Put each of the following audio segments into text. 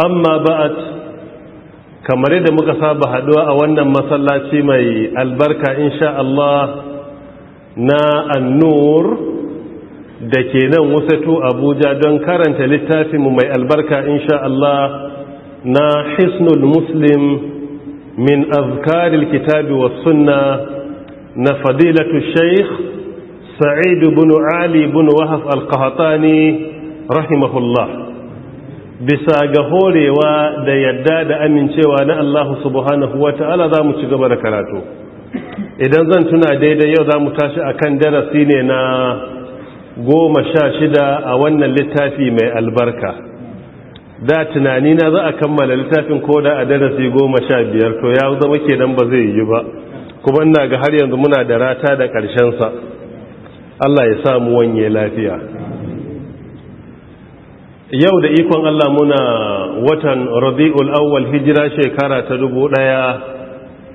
amma ba'at kamar yadda muka saba haduwa a wannan masallaci mai albarka insha Allah na annur da ke nan wasatu abuja don karanta littafinmu mai albarka insha Allah na hisnul muslim min azkaril kitabi wa sunna na fadilatu sheikh Sa'idu bin ali bin wahaf al-qahtani rahimahullah bisa ga horewa da yadda da amincewa na Allah subhanahu wa ta'ala za mu ci gaba da karatu idan zan tuna daidai yau za mu tashi a kan darasi ne na goma sha shida a wannan littafi mai albarka da tunani na za a kammala littafin koda a darasi goma sha biyar to ya zama kenan ba zai yi ba kuma na ga har yanzu muna da rata da ƙarshensa Allah ya samu wanye lafiya yau da ikon Allah muna watan rabi'ul awwal hijira shekara ta dubu ɗaya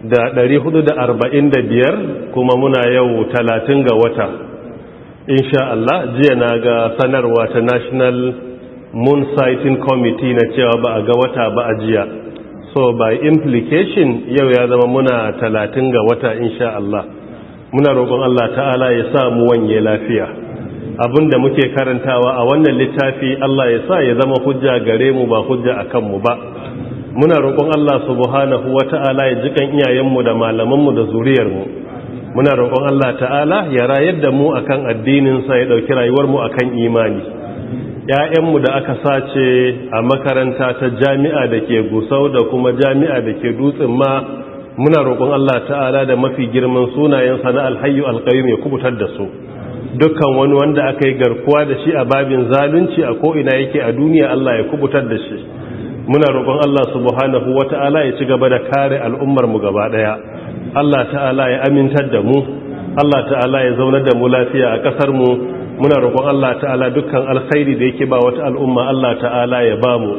da ɗari hudu da arba'in da biyar kuma muna yau talatin ga wata insha Allah jiya na ga sanarwa ta national moon sighting committee na cewa ba a ga wata ba a jiya so by implication yau ya zama muna talatin ga wata insha Allah muna roƙon Allah ta'ala ya samu wanye lafiya Abin da muke karantawa a wannan littafi Allah ya sa ya zama hujja gare mu ba hujja a kanmu ba muna roƙon Allah subhanahu wa ta'ala ya ji kan iyayenmu da malamanmu da zuriyarmu muna roƙon Allah ta'ala ya rayar da mu akan addininsa ya ɗauki rayuwarmu akan imani ‘ya'yanmu da aka sace a makaranta ta jami'a da ke gusau da kuma jami'a da ke dutsen ma muna roƙon Allah ta'ala da mafi girman sunayensa na alhayu alƙayyum ya kubutar da su dukkan wani wanda aka yi garkuwa da shi a babin zalunci a ko'ina yake a duniya Allah ya kubutar da shi muna roƙon Allah subhanahu wa ta'ala ya ci gaba da kare al'ummarmu gaba ɗaya Allah ta'ala ya amintar da mu Allah ta'ala ya zaunar da mu lafiya a ƙasarmu muna roƙon Allah ta'ala dukkan alkhairi da yake ba wata al'umma Allah ta'ala ya ba mu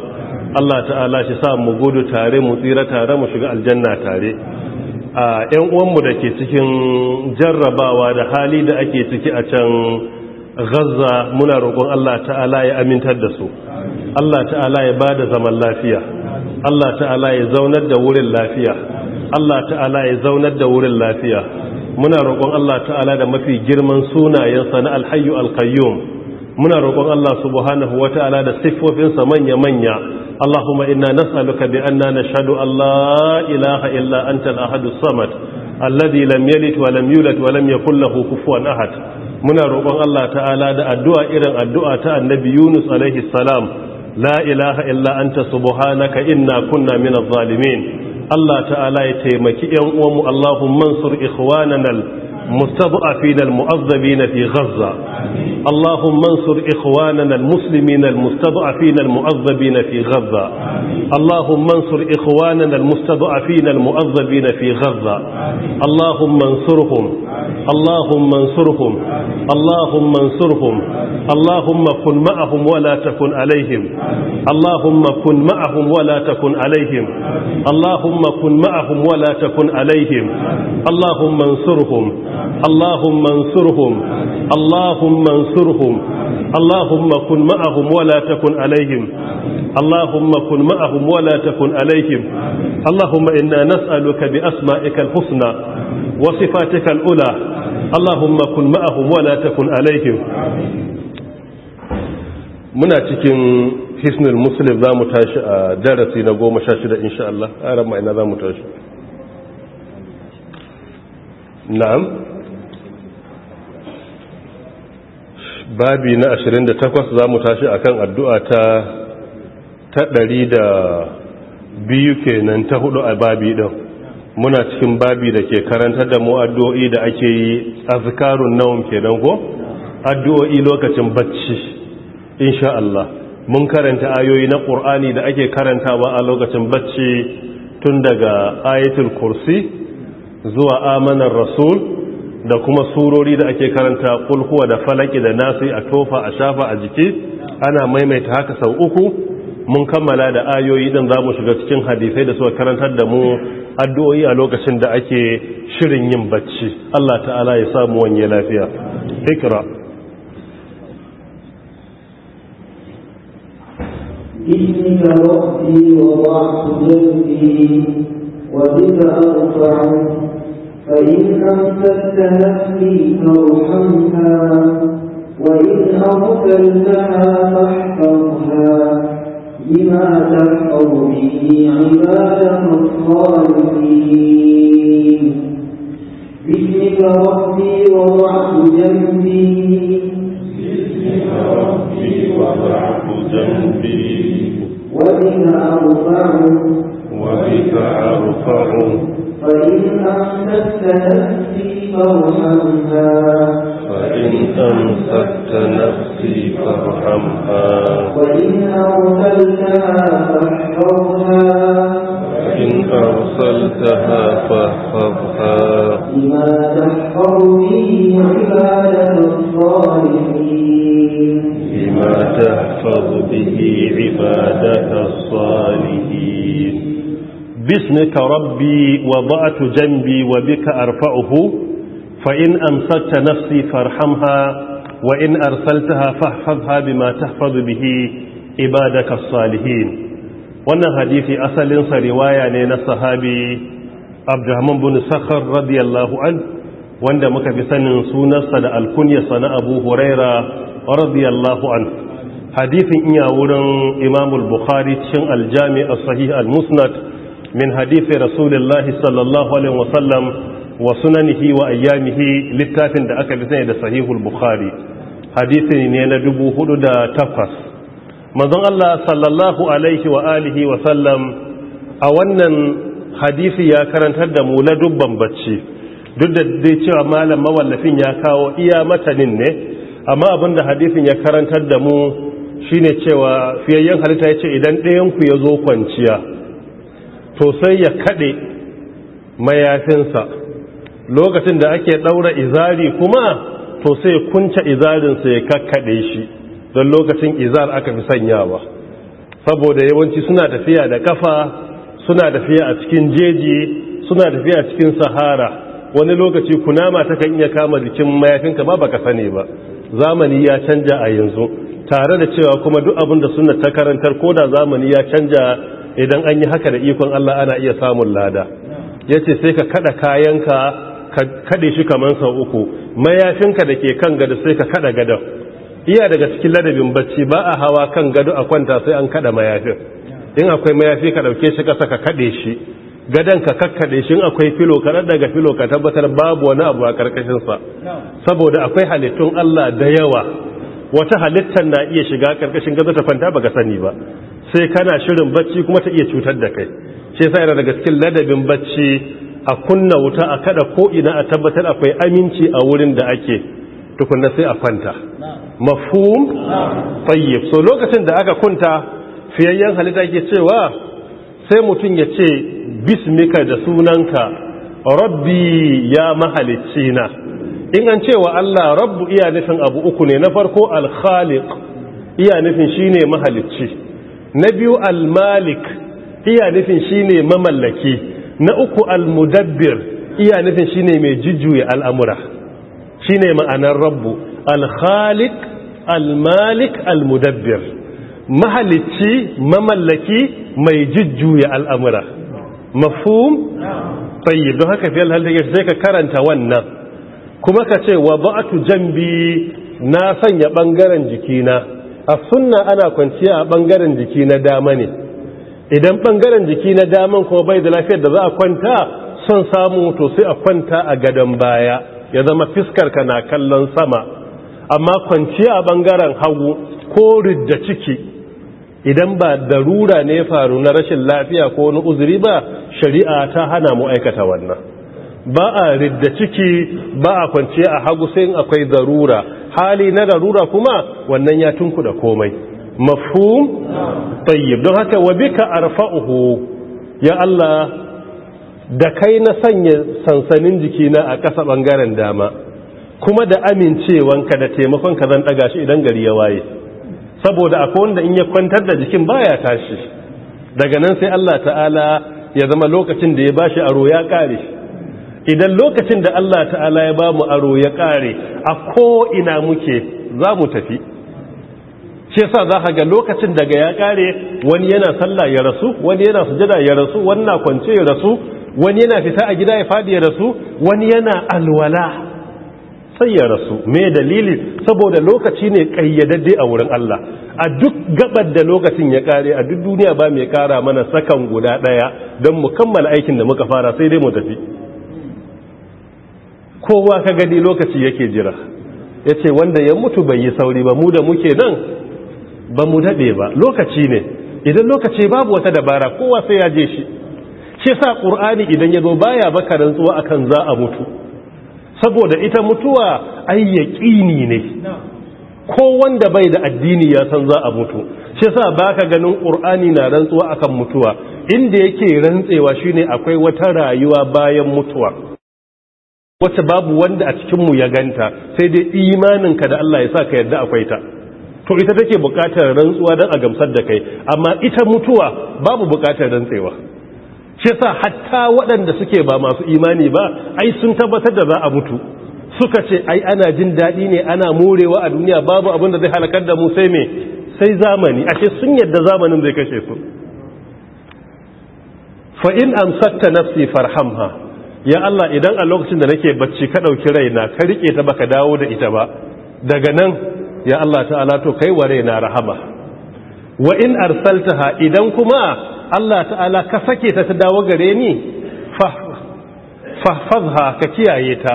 Allah ta'ala shi sa mu gudu tare mu tsira tare mu shiga aljanna tare A 'yan uwanmu da ke cikin jarrabawa da hali da ake ciki a can gaza muna roƙon Allah ta'ala ya amintar da su Allah ta'ala ya ba da zaman lafiya Allah ta'ala ya zaunar da wurin lafiya Allah ta'ala ya zaunar da wurin lafiya muna roƙon Allah ta'ala da mafi girman sunayensa na alhayu alkayyum muna roƙon Allah subhanahu wa ta'ala da siffofinsa manya-manya Allahumma inna nas'aluka bi anna nashhadu an la ilaha illa anta al ahadu samad alladhi lam yalid wa lam yulad wa lam yakul lahu kufuwan ahad muna roƙon Allah ta'ala da addu'a irin addu'a ta annabi Yunus alaihi salam la ilaha illa anta subhanaka inna kunna minadh zalumin. Allah ta'ala ya taimaki ƴan uwanmu Allahumma ansur ikhwanana مستضعفين المؤذبين في غزة اللهم انصر إخواننا المسلمين المستضعفين المؤذبين في غزة اللهم انصر إخواننا المستضعفين المؤذبين في غزة اللهم انصرهم اللهم انصرهم اللهم انصرهم اللهم كن معهم ولا تكن عليهم اللهم كن معهم ولا تكن عليهم اللهم كن معهم ولا تكن عليهم اللهم انصرهم اللهم انصرهم اللهم انصرهم اللهم كن معهم ولا تكن عليهم اللهم كن معهم ولا تكن عليهم اللهم إنا نسألك بأسمائك الحسنى وصفاتك الأولى اللهم كن معهم ولا تكن عليهم muna cikin hisnul muslim za mu tashi a darasi na goma sha shida insha Allah a ran ma'ina za mu tashi na'am babi na 28 za mu tashi a kan addu'a ta ɗari da biyu kenan ta hudu a babi ɗin muna cikin babi da ke karantar da mu addu'o'i da ake yi azkarun naum kenan ko addu'o'i lokacin bacci insha Allah mun karanta ayoyi na ƙur'ani da ake karantawa a lokacin bacci tun daga ayatul kursi zuwa amanar rasul da kuma surori da ake karanta kulhuwa da falaki da nasu a tofa a shafa a jiki ana maimaita haka sau uku mun kammala da ayoyi dan za mu shiga cikin hadisai da suka karantar da mu addu'o'i a lokacin da ake shirin yin bacci Allah ta'ala ya samu wanye lafiya ikira إني وضعت فإن أمسكت نفسي فارحمها وإن أرسلتها فاحفظها بما تحفظ به عبادك الصالحين باسمك ربي وضعت باسمك ربي وضعت جنبي وبك أرفع وبك أرفع وإن أمسكت نفسي فارحمها فإن وإن أرسلتها فاحفظها إن أرسلتها فاحفظها لما تحفظ به عبادة الصالحين لما تحفظ به عبادة الصالحين باسمك ربي وضعت جنبي وبك أرفعه فإن أمسكت نفسي فارحمها وإن أرسلتها فاحفظها بما تحفظ به عبادك الصالحين wannan hadifi asalinsa riwaya ne na sahabi abdurrahman bin sakhar radiyallahu an wanda muka fi sanin sunarsa da alkunyarsa na abu huraira radiyallahu an hadisin iya wurin imamul bukhari cikin aljami as-sahih al-musnad Muna hadisi rasulillah sallallahu alaihi wa sallam wa sunanahi wa ayyamahi littafin da aka fi sani da sahihun Bukhari. Hadisi ne na dubu hudu da takwas. manzon Allah sallallahu alaihi wa alihi wa sallam a wannan hadisi ya karantar da mula na dubban bacci. Duk da zai cewa malam mawallafin ya kawo iya matanin ne. Amma abinda hadisin ya karantar da mu shine cewa fiye halitta yace idan ɗayanku ya zo kwanciya. to sai ya kaɗe mayafinsa lokacin da ake ɗaura izari kuma to sai kunce izarinsa ya kakkaɗe shi don lokacin izar aka fi sanyawa saboda yawanci suna tafiya da kafa suna tafiya a cikin jeji suna tafiya a cikin sahara wani lokaci kunama ta kan iya kama jikin mayafinka ba baka sani ba zamani ya canja a yanzu tare da cewa kuma duk abin da suna ta karantar ko da zamani ya canja idan an yi haka da ikon Allah ana iya samun lada Ya ce sai ka kada kayanka ka shi kamar sau uku mayafinka da ke kan gado sai ka kada gado iya daga cikin ladabin bacci ba a hawa kan gado a kwanta sai an kada mayafin in akwai mayafi ka dauke shi kasa ka kaɗe shi gadon ka kakkaɗe shi akwai filo ka daga filo ka tabbatar babu wani abu a ƙarƙashinsa. saboda akwai halittun Allah da yawa wata halittar na iya shiga ƙarƙashin gado ta kwanta baka sani ba sai kana shirin bacci kuma ta iya cutar da kai ce sai yana daga cikin ladabin bacci a kunna wuta a kada ko ina a tabbatar akwai aminci a wurin da ake tukunna sai a kwanta mafhum tayyib so lokacin da aka kunta fiyayyen halitta ke cewa sai mutum ya ce bismika da sunanka rabbi ya mahalicci na in an cewa Allah rabbu iya nufin abu uku ne na farko al-khaliq iya nufin shine mahalicci na biyu al-malik iya nufin shine mamallaki na uku al-mudabbir iya nufin shine mai jujjuya al'amura shine ma'anar rabbu al-khaliq al-malik al-mudabbir mahalicci mamallaki mai jujjuya al'amura mafhum tayyib don haka fiyal halin sai ka karanta wannan kuma ka ce wa ba'atu jambi na sanya bangaren jikina a sunna ana kwanciya a ɓangaren jiki na dama ne idan ɓangaren jiki na dama kuma bai da lafiyar da za a kwanta son samu to sai a kwanta a gadon baya ya zama fiskar ka na kallon sama amma kwanciya a ɓangaren hagu ko ridda ciki idan ba darura ne faru na rashin lafiya ko wani uzuri ba shari'a ta hana mu aikata wannan ba a ridda ciki ba a kwanciya a hagu sai in akwai zarura. hali na zarura kuma wannan ya tunku da komai mafhum tayyib don haka wa bika arfa'uhu ya Allah da kai na sanya sansanin jiki na a ƙasa bangaren dama kuma da amincewanka da taimakon ka zan daga shi idan gari ya waye saboda akwai wanda in ya kwantar da jikin baya tashi daga nan sai Allah ta'ala ya zama lokacin da ya bashi aro ya kare shi idan lokacin da Allah ta'ala ya ba mu aro ya kare a ko'ina muke za mu tafi ce sa za ka ga lokacin daga ya kare wani yana sallah ya rasu wani yana sujada ya rasu wani na kwance ya rasu wani yana fita a gida ya fadi ya rasu wani yana alwala sai ya rasu me dalili saboda lokaci ne kayyadadde a wurin Allah a duk gabar da lokacin ya kare a duk duniya ba mai kara mana sakan guda daya don mu kammala aikin da muka fara sai dai mu tafi kowa ka gani lokaci yake jira ya ce wanda ya mutu bai yi sauri ba mu da muke nan ba mu daɗe ba lokaci ne idan lokaci babu wata dabara kowa sai ya je shi shi sa ƙur'ani idan ya zo baya baka rantsuwa akan za a mutu saboda ita mutuwa ai yaƙini ne ko wanda bai da addini ya san za a mutu shi sa baka ganin ƙur'ani na rantsuwa akan mutuwa inda yake rantsewa shine akwai wata rayuwa bayan mutuwa wata babu wanda a cikinmu ya ganta sai dai imaninka da Allah ya sa ka yadda akwai ta to ita take buƙatar rantsuwa don a gamsar da kai amma ita mutuwa babu buƙatar rantsewa shi sa hatta waɗanda suke ba masu imani ba ai sun tabbatar da za a mutu suka ce ai ana jin daɗi ne ana morewa a duniya babu abin da zai halakar da mu sai me sai zamani ashe sun yadda zamanin zai kashe su fa in amsatta nafsi farhamha ya Allah idan a lokacin da nake bacci ka ɗauki raina ka rike ta baka dawo da ita ba daga nan ya Allah ta'ala to kai wa raina rahama wa in arsaltaha idan kuma Allah ta'ala ka sake ta ta dawo gare ni fahfazha ka kiyaye ta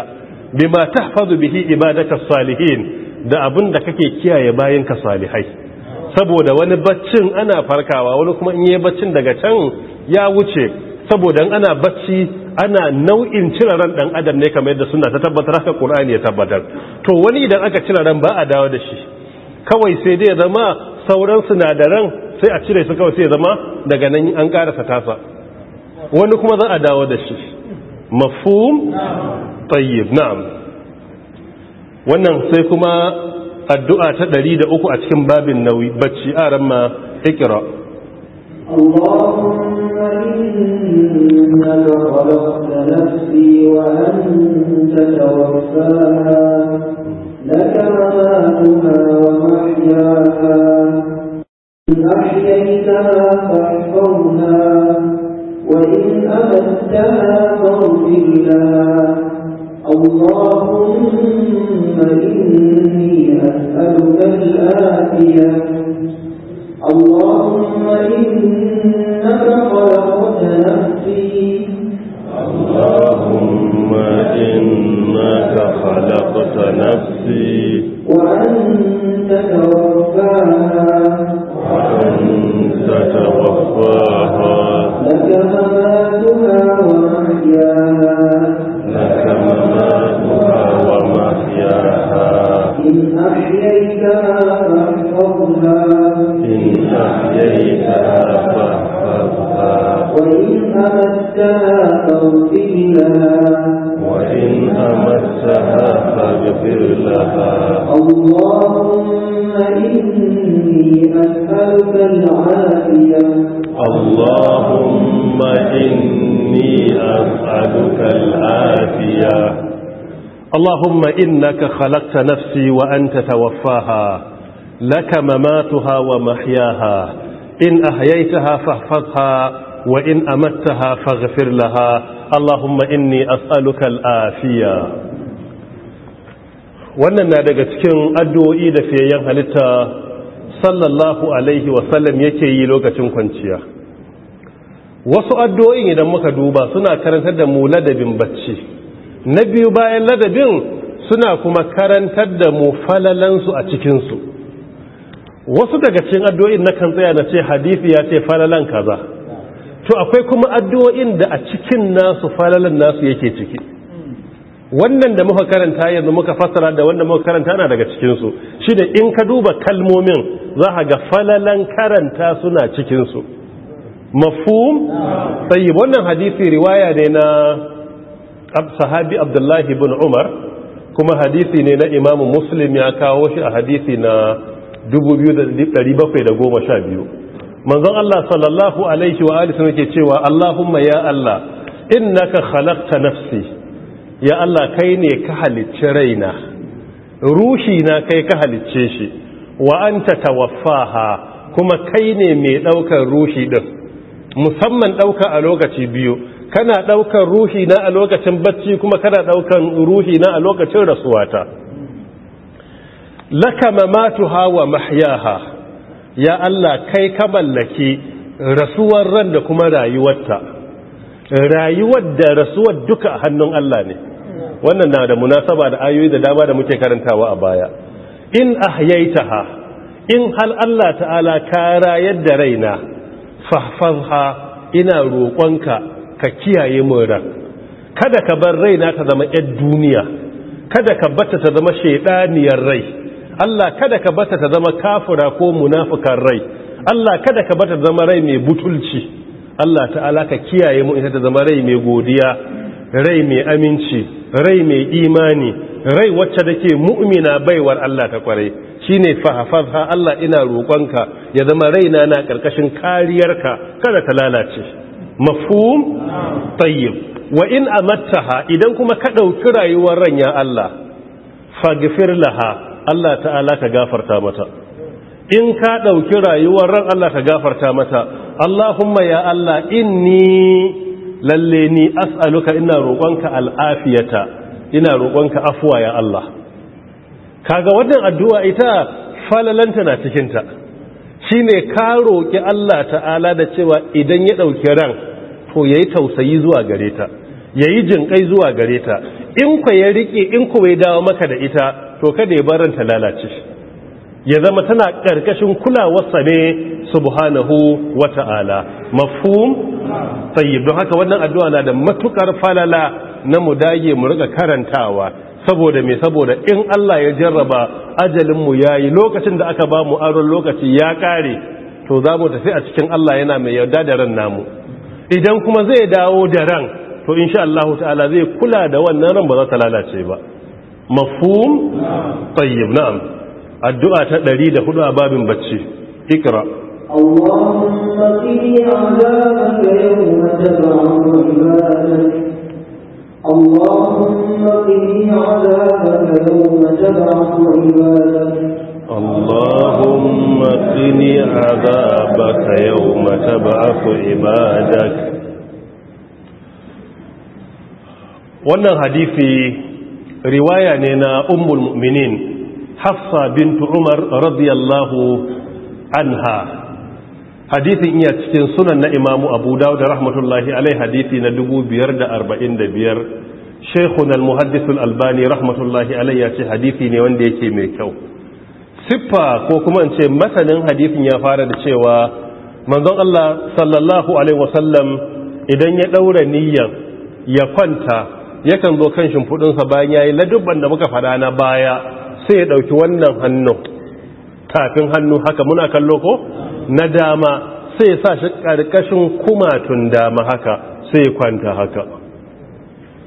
bima tahfazu bihi ibadaka salihin da abin da kake kiyaye bayan ka salihai saboda wani baccin ana farkawa wani kuma in yi baccin daga can ya wuce saboda ana bacci ana nau'in cire ran dan adam ne kamar yadda suna ta tabbatar haka qur'ani ya tabbatar to wani idan aka cire ran ba a dawo da shi kawai sai dai ya zama sauran sinadaran sai a cire su kawai sai zama daga nan an karasa tasa wani kuma za a dawo da shi mafhum tayyib na'am wannan sai kuma addu'a ta 103 a cikin babin nauyi bacci aran ma ikra اللهم إنك خلقت نفسي وأنت توفاها لك مماتها ومحياها إن أحييتها فاحفظها وإن أمتها فاغفر لها اللهم إني أسألك الآتية اللهم إنك خلقت نفسي اللهم إنك خلقت نفسي وأنت توفاها وأنت توفاها لك فما أمسها فاغفر لها وإن أمسها فاغفر لها اللهم إني أسألك العافية اللهم إني أسألك العافية اللهم إنك خلقت نفسي وأنت توفاها لك مماتها ومحياها إن أحييتها فاحفظها وإن أمتها فاغفر لها اللهم إني أسألك الآفية wannan na daga cikin addu'o'i da fiyayyen halitta sallallahu alaihi wasallam yake yi lokacin kwanciya wasu addu'o'in idan muka duba suna karantar da mu ladabin bacci na biyu bayan ladabin suna kuma karantar da mu falalansu a cikinsu wasu daga cikin addu'o'in na kan tsaya na ce hadithi ya ce falalan kaza to akwai kuma addu'o'in da a cikin nasu falalan nasu yake ciki wannan da muka karanta yanzu muka fassara da wanda muka karanta na daga cikinsu shi da in ka duba kalmomin za a ga falalan karanta suna cikinsu mafhum sai wannan hadisi riwaya ne na sahabi abdullahi ibn umar kuma hadisi ne na imamu muslim ya kawo shi a hadisi na 2712 manzon Allah sallallahu alaihi wa alihi yake cewa Allahumma ya Allah innaka khalaqta nafsi ya Allah kai ne ka halicci raina ruhi na kai ka halicce shi wa anta tawaffaha kuma kai ne mai daukar ruhi din musamman dauka a lokaci biyu kana daukan ruhi na a lokacin bacci kuma kana daukan ruhi na a lokacin rasuwata laka mamatuha wa mahyaha ya Allah kai ka mallaki rasuwar ran da kuma rayuwarta rayuwar da rasuwar duka a hannun Allah ne wannan na da munasaba da ayoyi da dama da muke karantawa a baya in ahyaitaha in hal Allah ta'ala ka rayar da raina fahfazha ina roƙonka ka kiyaye mun ran kada ka bar raina ta zama 'yar duniya kada ka bata ta zama shaidaniyar rai Allah kada ka bata ta zama kafura ko munafukan rai Allah kada ka bata zama rai mai butulci Allah ta alaka kiyaye mu ita ta zama rai mai godiya rai mai aminci rai mai imani rai wacce dake mu'mina baiwar Allah ta kwarai shine fahafazha Allah ina roƙonka ya zama raina na ƙarƙashin kariyarka kada ta lalace mafhum tayyib wa in amattaha idan kuma ka ɗauki rayuwar ran ya Allah faghfir laha Allah ta'ala ka gafarta mata in ka ɗauki rayuwar ran Allah ka gafarta mata Allahumma ya Allah inni lalle ni as'aluka ina roƙonka al'afiyata ina roƙonka afuwa ya Allah kaga wannan addu'a ita falalanta na cikin ta shine ka roƙi Allah ta'ala da cewa idan ya ɗauki ran to yayi tausayi zuwa gare ta yayi jinƙai zuwa gare ta in ku ya riƙe, in ku bai dawo maka da ita to kada ya baranta ta lalace ya zama tana ƙarƙashin kulawarsa ne subhanahu wa ta'ala mafhum tayyib don haka wannan addu'a na da matukar falala na mu dage mu rika karantawa saboda me saboda in Allah ya jarraba ajalin mu yayi lokacin da aka ba mu aron lokaci ya kare to za mu tafi a cikin Allah yana mai yarda da ran namu idan kuma zai dawo da ran to insha Allah ta'ala zai kula da wannan ran ba za ta lalace ba mafhum tayyib na'am addu'a ta 104 a babin bacci ikra Allahumma qini 'adabaka yawma tab'athu ibadak Allahumma qini 'adabaka yawma tab'athu wannan hadisi riwaya ne na ummul mu'minin hafsa bintu umar radiyallahu anha hadithin iya cikin sunan na imamu abu dawud rahmatullahi alai hadithi na da biyar al-muhaddisul albani rahmatullahi alai ya ce hadithi ne wanda yake mai kyau siffa ko kuma in ce masanin hadithin ya fara da cewa manzon Allah sallallahu alaihi wasallam idan ya daura niyyar ya kwanta yakan zo kan shimfudunsa bayan ya yi ladubban da muka fada na baya sai ya ɗauki wannan hannun tafin hannu haka muna kallo ko na dama sai ya sa shi ƙarƙashin kumatun dama haka sai ya kwanta haka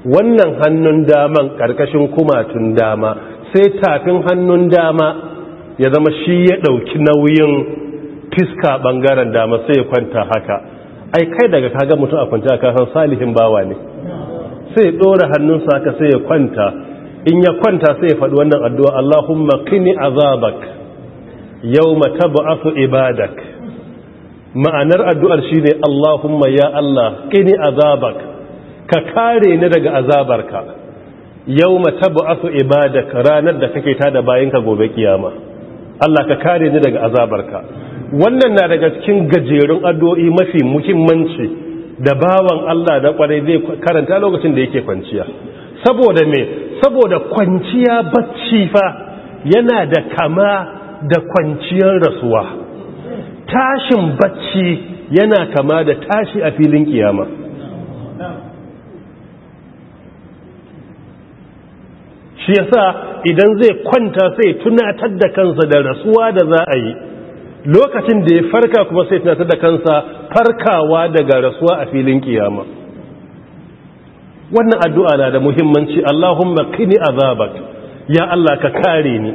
wannan hannun daman ƙarƙashin kumatun dama sai tafin hannun dama ya zama shi ya ɗauki nauyin fiska ɓangaren dama sai ya kwanta haka ai kai daga kaga mutum a kwanta a kasan salihin bawa ne sai dora hannunsa ka sai ya kwanta in ya kwanta sai ya faɗi wannan addu'a Allahumma kini azabak mata ba’afu ibadak ma'anar addu'ar shine Allahumma ya Allah kini azabak ka kare ni daga azabarka mata ba’afu ibadak ranar da kake tada ka gobe kiyama Allah ka kare ni daga azabarka wannan na daga cikin gajerun addu'o'i mafi muhimmanci da bawan Allah da kwarai zai karanta lokacin da yake kwanciya saboda me saboda kwanciya bacci fa yana da kama da kwanciyar rasuwa tashin bacci yana kama da tashi a filin kiyama shi yasa idan zai kwanta sai tunatar da kansa da rasuwa da za a yi lokacin da ya farka kuma sai tunatar da kansa farkawa daga rasuwa a filin kiyama wannan addu'a na da muhimmanci Allahumma kini azabak ya Allah ka kare ni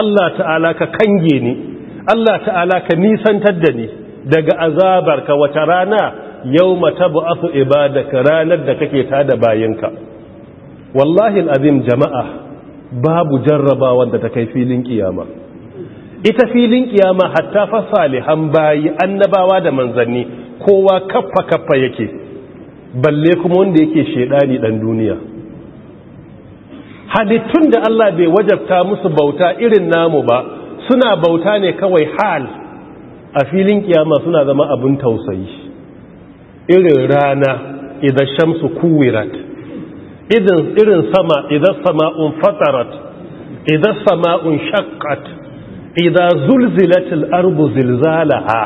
Allah ta'ala ka kange ni Allah ta'ala ka nisantar da ni daga ka wata rana yau matabu asu ibadaka ranar da kake tada ka. wallahi al'azim jama'a babu jarrabawar da ta kai filin kiyama ita filin kiyama hatta fa salihan bayi annabawa da manzanni kowa kaffa kaffa yake balle kuma wanda yake shedani dan duniya hadittun da Allah bai wajabta musu bauta irin namu ba suna bauta ne kawai hal a filin kiyama suna zama abun tausayi irin rana idan shamsu kuwirat idan irin sama idan sama'un fatarat idan sama'un shaqqat idza zulzilatil ardu zilzalaha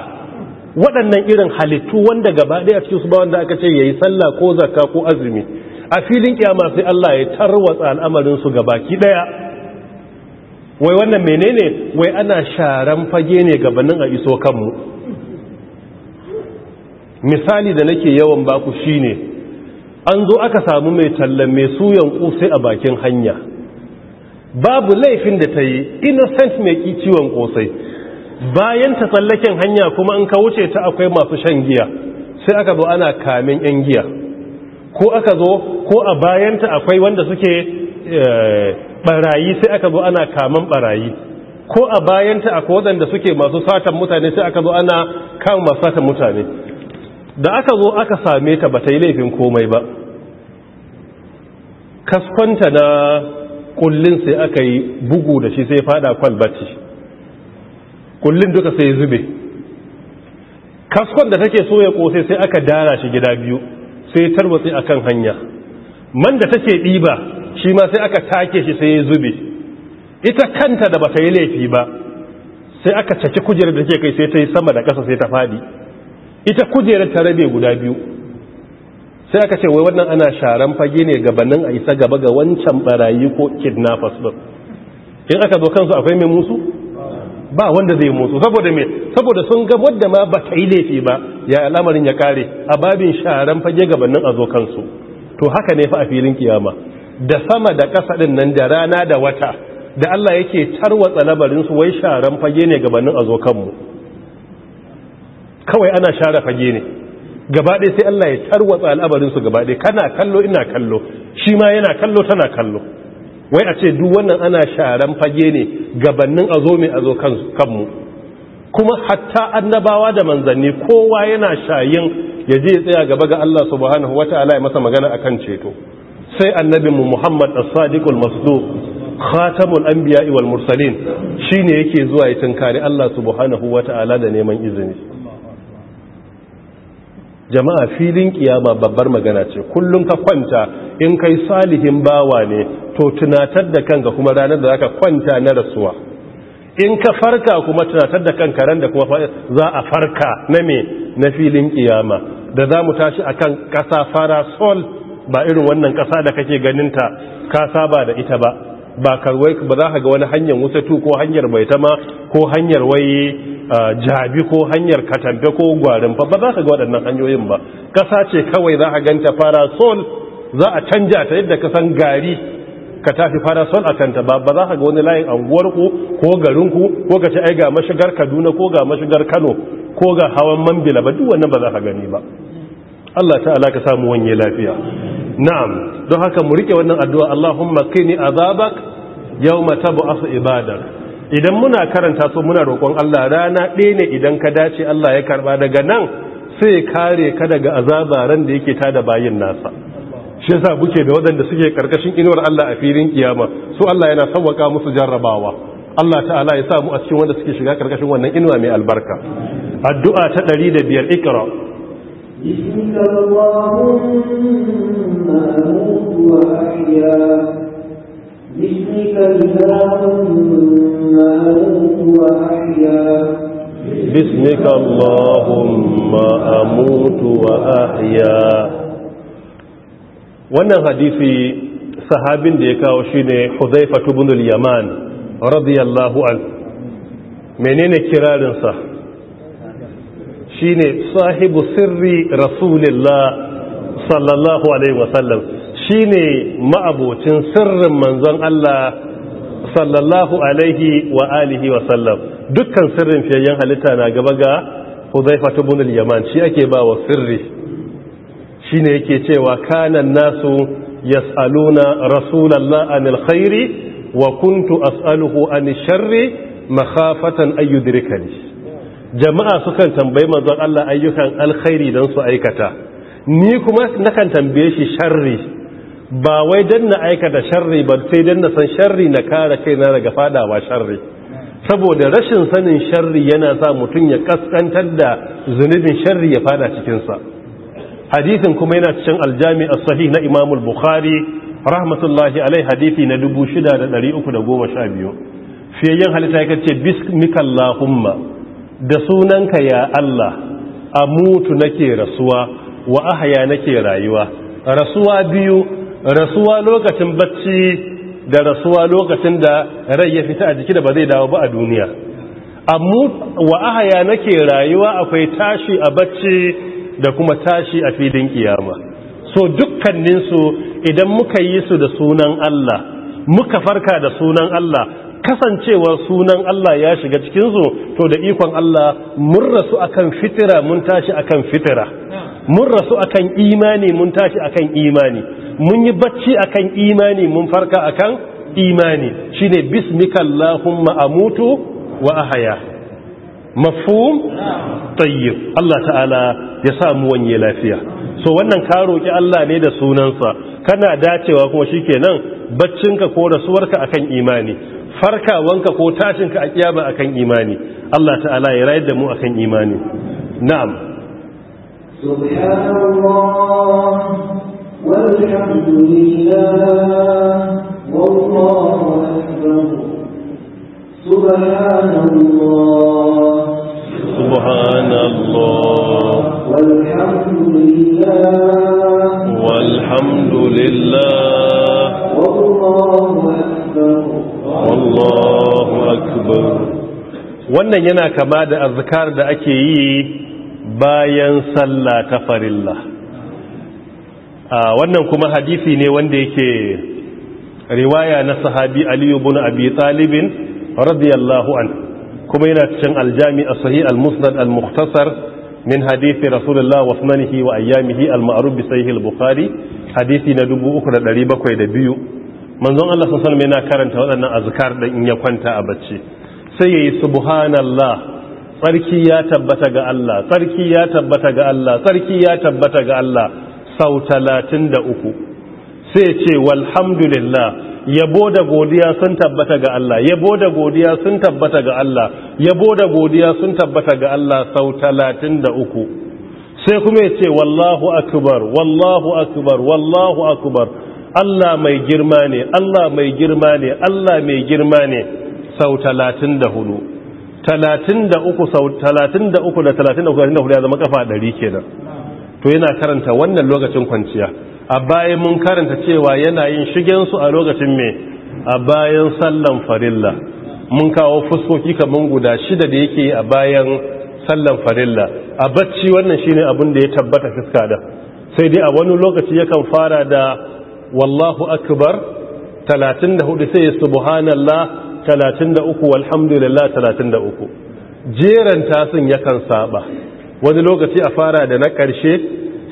waɗannan irin halittu wanda gaba ɗaya cikin su ba wanda aka ce yayi sallah ko zakka ko azumi a filin kiyama sai Allah ya tarwatsa al'amarin su gabaki ɗaya wai wannan menene wai ana sharan fage ne gabanin a iso kanmu misali da nake yawan baku shine an zo aka samu mai tallan mai suyan kusai a bakin hanya babu laifin da ta yi innocent mai ki ciwon kosai, bayan ta tsallaken hanya kuma in ka wuce ta akwai masu shan giya sai aka zo ana kamin 'yan giya ko aka zo ko a bayan ta akwai wanda suke barayi eh, sai aka zo ana kamen barayi ko a bayan ta akwai wadanda suke masu satan mutane sai aka zo ana kama masu satan mutane da aka zo aka same ta ba ta yi laifin komai ba kaskwanta na kullun sai aka yi bugu da shi sai fada kwalbaci kullun duka sai zube kaskon da take so ya kosai sai aka dara shi gida biyu sai tarwatsi akan hanya man da take ɗiba shi ma sai aka take shi sai zube ita kanta da bata yi laifi ba sai aka caki kujerar da take kai sai ta yi sama da ƙasa sai ta fadi ita kujerar ta rabe guda biyu sai aka ce wai wannan ana sharan fage ne gabanin a isa gaba ga wancan barayi ko kidnappers din in aka zo kansu akwai mai musu ba wanda zai musu saboda me saboda sun ga wadda ma ba ta yi laifi ba ya al'amarin ya kare a babin sharan fage gabanin a zo kansu to haka ne fa a filin kiyama da sama da ƙasa din nan da rana da wata da Allah yake tarwatsa labarin su wai sharan fage ne gabanin a zo kanmu kawai ana share fage ne gaba ɗaya sai Allah ya tarwatsa al'abarinsu su kana kallo ina kallo shi ma yana kallo tana kallo wai a ce duk wannan ana sharan fage ne gabannin a zo mai a zo kanmu kuma hatta annabawa da manzanni kowa yana shayin ya je ya tsaya gaba ga Allah subhanahu ta'ala ya masa magana akan ceto sai annabinmu Muhammad as-Sadiqul Masduq khatamul anbiya'i wal mursalin shine yake zuwa ya tinkari Allah subhanahu ta'ala da neman izini jama'a filin kiyama babbar magana ce kullum ka kwanta in kai salihin bawa ne to tunatar da kanka kuma ranar da zaka kwanta na rasuwa in ka farka kuma tunatar da kanka ran da kuma za a farka na me na filin kiyama da za mu tashi akan ƙasa fara sol ba irin wannan ƙasa da kake ganin ta ka saba da ita ba ba karwai ba za ka ga wani hanyar wuta ko hanyar baitama ko hanyar waye Uh, jabi ko hanyar katambe ko gwarin ba za ka ga waɗannan hanyoyin ba ƙasa ce kawai za a ganta farasol za a canja ta yadda kasan gari ka tafi farasol a canta ba ba za ka ga wani layin anguwarku ko garinku ko ka ce ai ga mashigar kaduna ko ga mashigar kano ko ga hawan mambila ba duk wannan ba za ka gani ba Allah ta'ala ka samu wanye lafiya na'am don haka mu rike wannan addu'a Allahumma qini azabak yawma asu ibadak idan muna karanta su muna roƙon Allah rana ɗaya ne idan ka dace Allah ya karba daga nan sai kare ka daga azaba ran da yake tada bayin nasa shi yasa buke da waɗanda suke karkashin inuwar Allah a filin kiyama su Allah yana sawwaka musu jarrabawa Allah ta'ala ya samu a cikin wanda suke shiga karkashin wannan inuwa mai albarka addu'a ta 105 ikra bismillahir rahmanir rahim باسمك اللهم أموت وأحيا باسمك اللهم أموت وأحيا wannan hadisi sahabin da ya kawo shi ne Huzaifa ibn al-Yaman radiyallahu an menene kirarinsa Shi ne sahibu sirri rasulillah sallallahu alaihi wasallam Shi ne ma'abocin sirrin manzon Allah sallallahu alaihi wa alihi wa sallam dukkan sirrin fiyayyen halitta na gaba ga Hudhaifa ibn al-Yaman shi ake ba wa sirri Shi ne yake cewa kanan nasu yas'aluna rasulallah anil khairi wa kuntu as'aluhu an sharri makhafatan ayyudrikani jama'a sukan tambayi manzon Allah ayyukan alkhairi don su aikata ni kuma nakan tambaye shi sharri ba wai don na aikata sharri ba sai dan na san sharri na kare kai na daga fadawa sharri saboda rashin sanin sharri yana sa mutum ya kaskantar da zunubin sharri ya fada cikinsa hadisin kuma yana cikin aljami as-sahih na imamul al-Bukhari rahmatullahi alai hadisi na 6312 fiyayyen halitta yake ce bismikallahumma da sunanka ya Allah a mutu nake rasuwa wa ahya nake rayuwa rasuwa biyu rasuwa lokacin bacci da rasuwa lokacin da rai ya fita a jiki da ba zai dawo ba a duniya amma wa ahaya nake rayuwa akwai tashi a bacci da kuma tashi a filin kiyama so dukkaninsu idan muka yi su da sunan Allah muka farka da sunan Allah kasancewar sunan Allah ya shiga cikinsu to da ikon Allah mun rasu akan fitira mun tashi akan fitira mun rasu akan imani mun tashi akan imani mun yi bacci akan imani mun farka akan imani shine bismikallahumma amutu wa ahya mafhum tayyib Allah ta'ala ya sa mu wanye lafiya so wannan ka roki Allah ne da sunansa kana dacewa kuma shikenan baccinka ko rasuwarka akan imani farkawanka ko tashinka a kiyama akan imani Allah ta'ala ya rayar da mu akan imani na'am subhanallah walhamdulillah wallahu akbar subhanallah subhanallah walhamdulillah walhamdulillah akbar wannan yana kama da azkar da ake yi bayan sallah ta farilla wannan kuma hadisi ne wanda yake riwaya na sahabi Ali ibn Abi Talib radiyallahu an kuma yana cikin aljami'a as-sahih al-musnad al-mukhtasar min hadisi rasulullah wa sunanihi wa ayyamihi al-ma'ruf bi sahih al-bukhari hadisi na 3702 manzon Allah sallallahu alaihi yana karanta waɗannan azkar da in ya kwanta a bacci sai yayi subhanallah tsarki ya tabbata ga Allah sarki ya tabbata ga Allah sarki ya tabbata ga Allah sau 33 sai ce walhamdulillah yabo da godiya sun tabbata ga Allah yabo da godiya sun tabbata ga Allah yabo da godiya sun tabbata ga Allah sau 33 sai kuma ya ce wallahu akbar wallahu akbar wallahu akbar Allah mai girma ne Allah mai girma ne Allah mai girma ne sau da uku sau talatin da uku, uku, talatin da da da hudu, ya zama kafa ɗari kenan to yana karanta wannan lokacin kwanciya a bayan mun karanta cewa yana yin shigensu a lokacin me a bayan sallan farilla mun kawo fuskoki kamar guda shida da yake a bayan sallan farilla a bacci wannan shine abin da ya tabbata fiska da sai dai a wani lokaci yakan fara da wallahu akbar 34 sai subhanallah 33 walhamdulillah 33 jeran tasin yakan saba wani lokaci a fara da na ƙarshe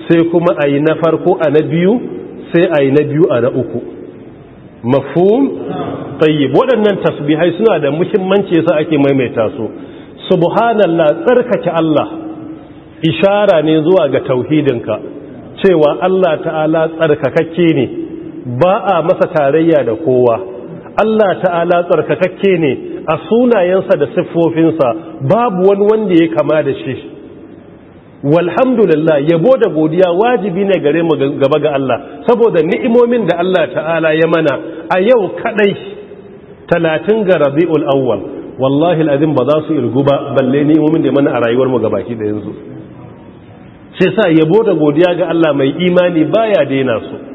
sai kuma a yi na farko a na biyu sai a yi na biyu a na uku mafum tayyib waɗannan tasbihai suna da muhimmanci yasa ake maimaita su subhanallah tsarkake Allah ishara ne zuwa ga tauhidinka cewa Allah ta'ala tsarkakakke ne ba a masa tarayya da kowa Allah ta'ala tsarkakakke ne a sunayensa da siffofinsa babu wani wanda ya kama da shi walhamdulillah yabo da godiya wajibi ne gare mu gaba ga Allah saboda ni'imomin da Allah ta'ala ya mana a yau kadai talatin ga Rabiul Awwal wallahi alazim ba za su irgu ba balle ni'imomin da mana a rayuwar mu gabaki da yanzu sai sa yabo da godiya ga Allah mai imani baya daina su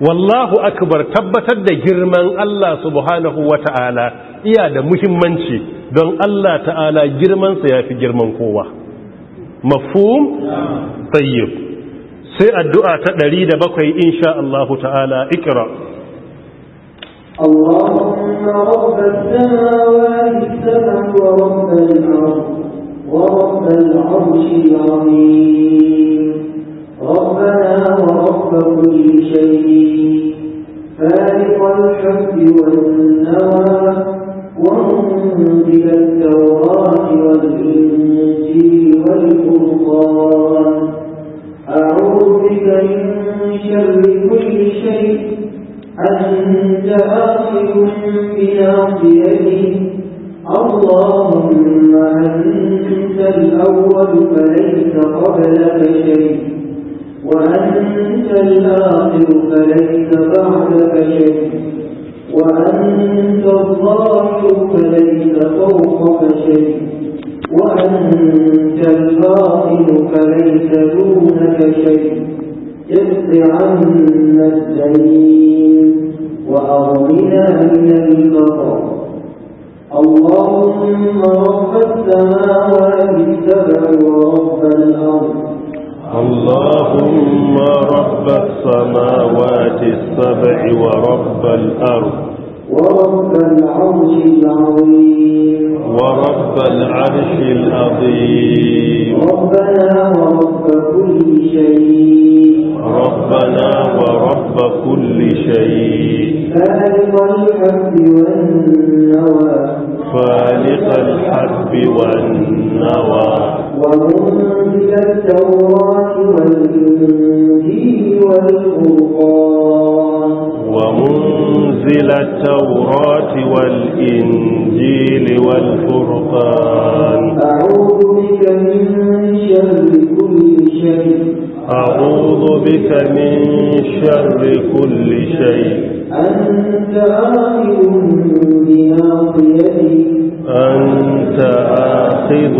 wallahu akbar tabbatar da girman Allah subhanahu wa ta'ala iya da muhimmanci don Allah ta'ala girmansa ya fi girman kowa mafhum tayyib sai addu'a ta ɗari da 107 insha Allah ta'ala ikra اللهم رب السماوات السبع ورب ورب العرش العظيم ربنا ورب كل شيء فارق الحب والنوى وانزل التوراة والإنجيل والقرآن أعوذ بك من شر كل شيء أنت آخر بناصيته اللهم أنت الأول فليس قبلك شيء وأنت الآخر فليس بعدك شيء وأنت الظاهر فليس فوقك شيء وأنت الباطن فليس دونك شيء اقض عنا الدين وأغننا من الفقر اللهم رب السماوات السبع ورب الأرض اللهم رب السماوات السبع ورب الأرض ورب العرش العظيم ورب العرش العظيم ربنا ورب كل شيء ربنا ورب كل شيء فارق الحب والنوى خالق الحب والنوى ومنزل التوراة والإنجيل والفرقان ومنزل التوراة والإنجيل والفرقان أعوذ بك من شر كل شيء أعوذ بك من شر كل شيء أنت آخذ بناصيتي أنت آخذ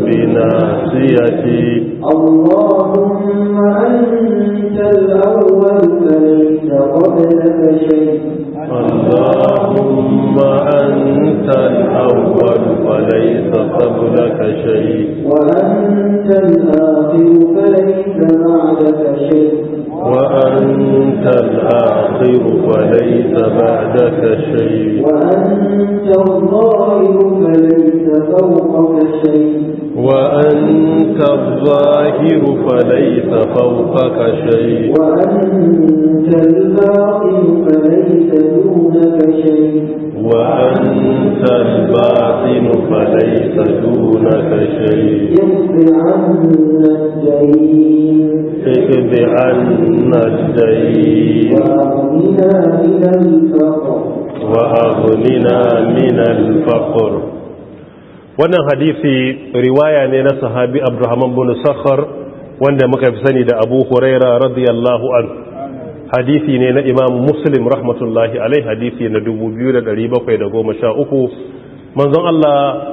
بناصيتي اللهم أنت الأول فليس قبلك شيء اللهم أنت الأول وليس قبلك شيء وأنت الآخر فليس بعدك شيء وأنت الآخر فليس بعدك شيء وأنت الظاهر فليس فوقك شيء وأنت الظاهر فليس فوقك شيء وأنت الباطن فليس دونك شيء وأنت الباطن فليس دونك شيء اقض عنا الدين عنا الدين وأغننا الفقر وأغننا من الفقر wannan hadisi riwaya ne na sahabi abrahaman bin Sakhar wanda muka fi sani da Abu Huraira radiyallahu anhu hadisi ne na imam muslim rahmatullahi alai hadisi na uku. manzon Allah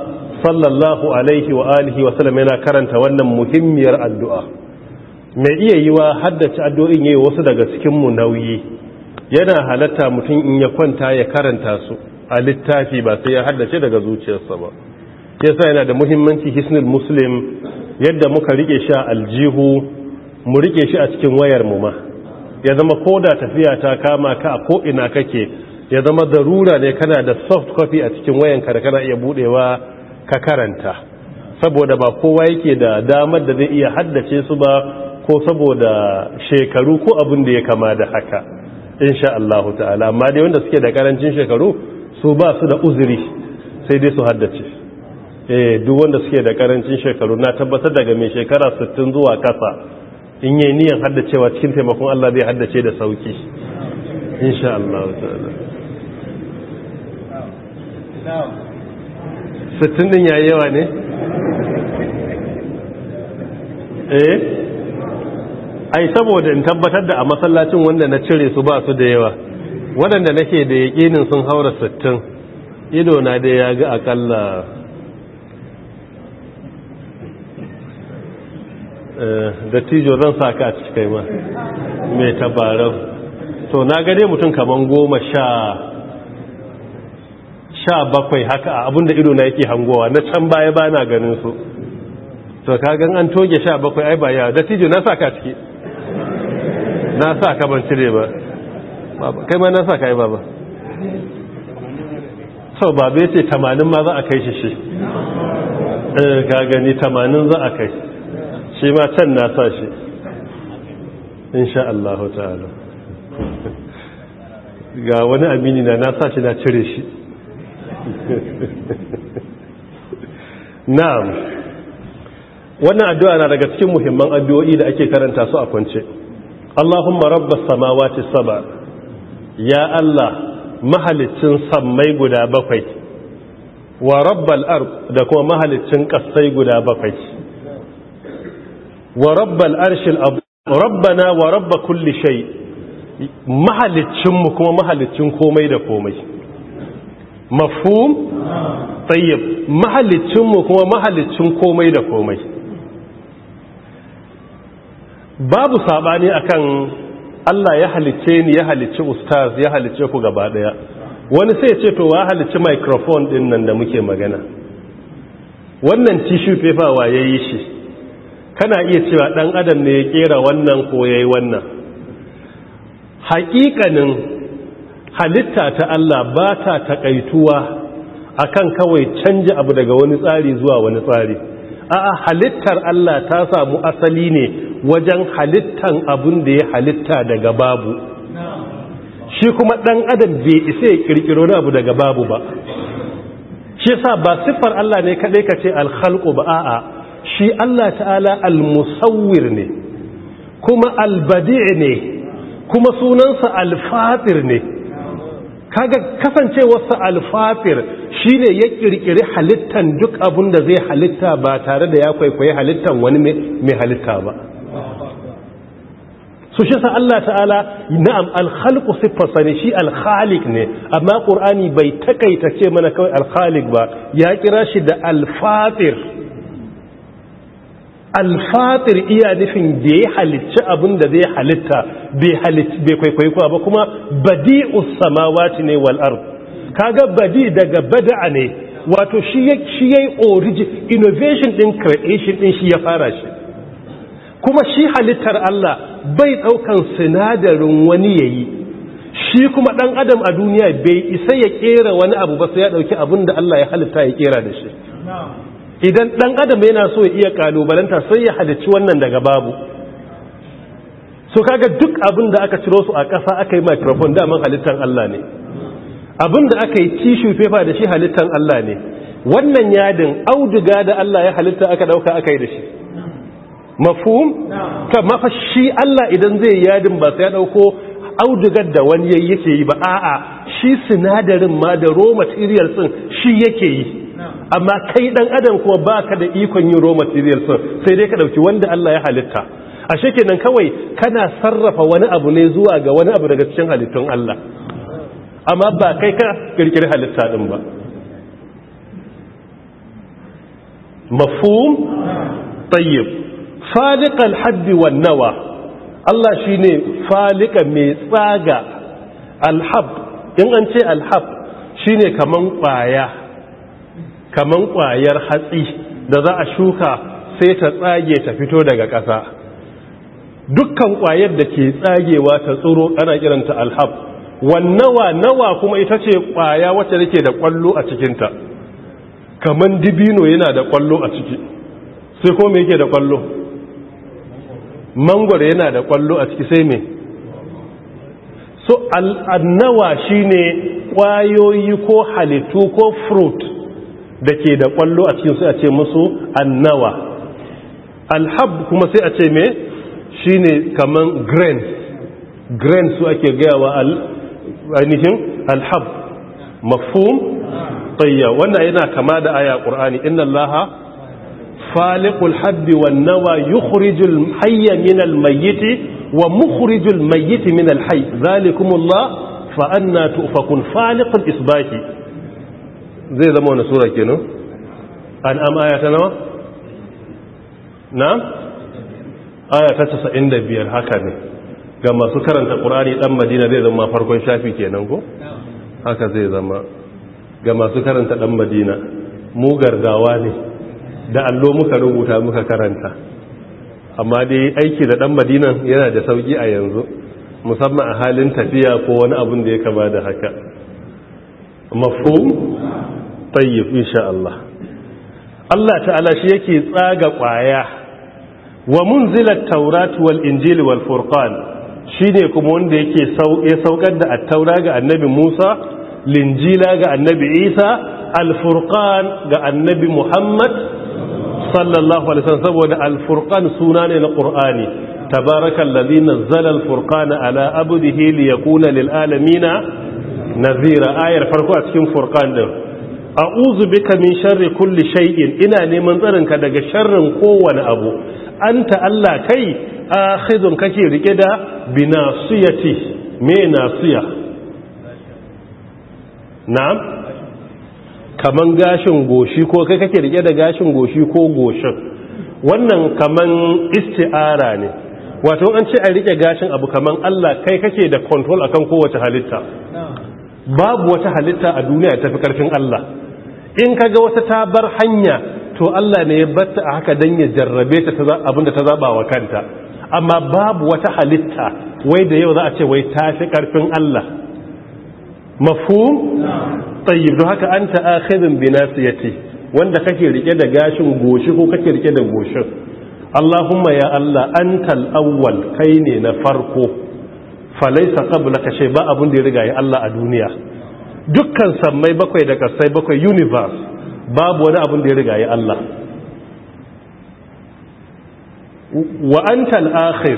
sallallahu alaihi wa alihi wa sallam yana karanta wannan muhimmiyar addu'a mai iya yiwa haddace addu'in yayi wasu daga cikin mu nauyi yana halatta mutum in ya kwanta ya karanta su a littafi ba sai ya haddace daga zuciyarsa ba yasa yana da muhimmanci hisnul muslim yadda muka rike shi a aljihu mu rike shi a cikin wayar mu ma ya zama ko da tafiya ta kama ka a ko'ina kake ya zama darura ne kana da soft copy a cikin wayan da kana iya budewa ka karanta saboda ba kowa yake da damar da zai iya haddace su ba ko saboda shekaru ko abin da ya kama da haka insha Allah ta'ala amma dai wanda suke da karancin shekaru su ba su da uzuri sai dai su haddace eh duk wanda suke da karancin shekaru na tabbatar daga mai shekara 60 zuwa kasa in yi niyan haddacewa cikin taimakon Allah zai haddace da sauki insha Allah ta'ala sittin din yayi yawa ne eh ai saboda in tabbatar da a masallacin wanda na cire su ba su da yawa waɗanda nake da yakinin sun haura sittin ido na da ya ga akalla Eh, da tijo zan sa ka a cikai ma mai tabarau to na gane mutum kamar goma sha sha bakwai haka abinda ido na yake hangowa na can baya ba na ganin su to kagan an toge sha bakwai ai baya da tijo na sa ka ciki na sa ka ban cire ba kai ma na sa ka yi ba ba sau ba bai ce tamanin ma za a kai shi shi eh, ka gani tamanin za a kai shi ma can na sa shi insha Allah ta'ala ga wani amini na na sa shi na cire shi na'am wannan addu'a na daga cikin muhimman addu'o'i da ake karanta su a kwance Allahumma rabbas samawati saba ya Allah mahalicin sammai guda bakwai wa rabbal ard da kuma mahalicin kasai guda bakwai wa rabbal arshil rabbana wa rabba kulli shay mahalicinmu kuma mahalicin komai da komai mafhum tayyib mahalicinmu kuma mahalicin komai da komai babu saɓani akan Allah ya halice ni ya halice ustaz ya halice ku gaba daya wani sai ya ce to wa halice microphone din da muke magana wannan tissue paper wa yayi shi kana iya cewa ɗan adam ne ya kera wannan ko ya wannan hakikanin halitta ta Allah ba ta taƙaituwa a kan kawai canja abu daga wani tsari zuwa wani tsari A'a halittar Allah ta samu asali ne wajen halittan abin da ya halitta daga babu shi kuma ɗan adam bai isa ya ƙirƙiro na abu daga babu ba shi sa ba siffar Allah ne kaɗai ka ce alhalku ba a'a shi Allah ta'ala al-musawwir ne kuma al-badi' ne kuma sunansa al-fatir ne kaga kasancewarsa al-fatir shine ya kirkiri halittan duk abun da zai halitta ba tare da ya kwaikwayi halittan wani mai halitta ba su shi sa Allah ta'ala na'am al-khalqu sifarsa shi al-khaliq ne amma qur'ani bai takaita ce mana kawai al-khaliq ba ya kira shi da al-fatir alfatir iya nufin da ya halicci abin da zai halitta bai kuwa ba kuma badi'us samawati ne wal kaga badi daga bada'a ne wato shi ya shi yayi origin innovation din creation din shi ya fara shi kuma shi halittar Allah bai daukan sinadarin wani yayi shi kuma dan adam a duniya bai isa ya kera wani abu ba sai ya dauki abin da Allah ya halitta ya kera da shi idan ɗan adam yana so ya iya ƙalubalanta sai ya halicci wannan daga babu so kaga duk abin da aka ciro su a ƙasa aka yi microphone daman halittar Allah ne abin da aka yi tissue fefa da shi halittar Allah ne wannan yadin auduga da Allah ya halitta aka ɗauka aka yi da shi mafhum ka mafa shi Allah idan zai yi yadin ba sai ya ɗauko audugar da wani yake yi ba a'a shi sinadarin ma da raw material sun shi yake yi amma kai dan adam kuma baka da ikon yin raw material sun sai dai ka dauki wanda Allah ya halitta ashe kenan kawai kana sarrafa wani abu ne zuwa ga wani abu daga cikin halittun Allah amma ba kai ka kirkiri halitta din ba mafhum tayyib faliq al-hadd wan nawa Allah shine falika mai tsaga al-hab in an ce al-hab shine kaman kwaya kaman kwayar hatsi da za a shuka sai ta tsage ta fito daga ƙasa dukkan ƙwayar da ke tsagewa ta tsoro ana kiranta alhab wannawa nawa kuma ita ce ƙwaya wacce take da ƙwallo a cikinta kaman dibino yana da ƙwallo a ciki sai kuma yake da ƙwallo mangwaro yana da ƙwallo a ciki sai me so annawa shine ƙwayoyi ko halittu ko fruit da ke da kwallo a cikin sai a ce musu annawa alhab kuma sai a ce me shine kaman grain grain su ake gayawa ainihin alhab mafhum tayya wannan yana kama da aya ƙur'ani inna allaha faliqul habbi wannawa nawa yukhrijul hayya minal mayyiti wa mukhrijul mayyiti minal hayy zalikumullah fa anna tufakun faliqul isbahi zai zama wani sura kenan an am ayata nawa Ayata aya da biyar haka ne ga masu karanta ƙurari dan madina zai zama farkon shafi kenan ko haka zai zama ga masu karanta dan madina mu gargawa ne da allo muka rubuta muka karanta amma dai aiki da ɗan madina yana da sauƙi a yanzu musamman a halin tafiya ko wani abun da ya kama da haka mafhum tayyib insha Allah Allah ta'ala shi yake tsaga kwaya wa munzilat tawrat wal injil wal furqan shine kuma wanda yake sauke saukar da attaura ga annabi Musa linjila ga annabi Isa al-furqan ga annabi Muhammad sallallahu alaihi wasallam saboda al-furqan suna ne na Qur'ani tabarakallazi nazzala al-furqana ala abdihi liyakuna lil alamin nazira ayar farko a cikin furqan din a'udhu bika min sharri kulli shay'in ina neman tsarinka daga sharrin kowane abu anta Allah kai akhidun kake rike da binasiyati me nasiya na'am kaman gashin goshi ko kai kake rike da gashin goshi ko goshin wannan kaman isti'ara ne wato an ce a rike gashin abu kaman Allah kai kake da control akan kowace halitta babu wata halitta a duniya ta fi karfin Allah in ka ga wata ta bar hanya to Allah ne ya batta a haka dan ya jarrabe ta abinda ta zaba wa kanta amma babu wata halitta wai da yau za a ce wai ta fi karfin Allah mafhum tayyib don haka an anta binasu ya ce. wanda kake rike da gashin goshi ko kake rike da goshin Allahumma ya Allah antal awwal kai ne na farko falaisa ka shay ba abun da ya riga ya Allah a duniya dukkan sammai bakwai da kasai bakwai universe babu wani abin da ya riga ya Allah wa akhir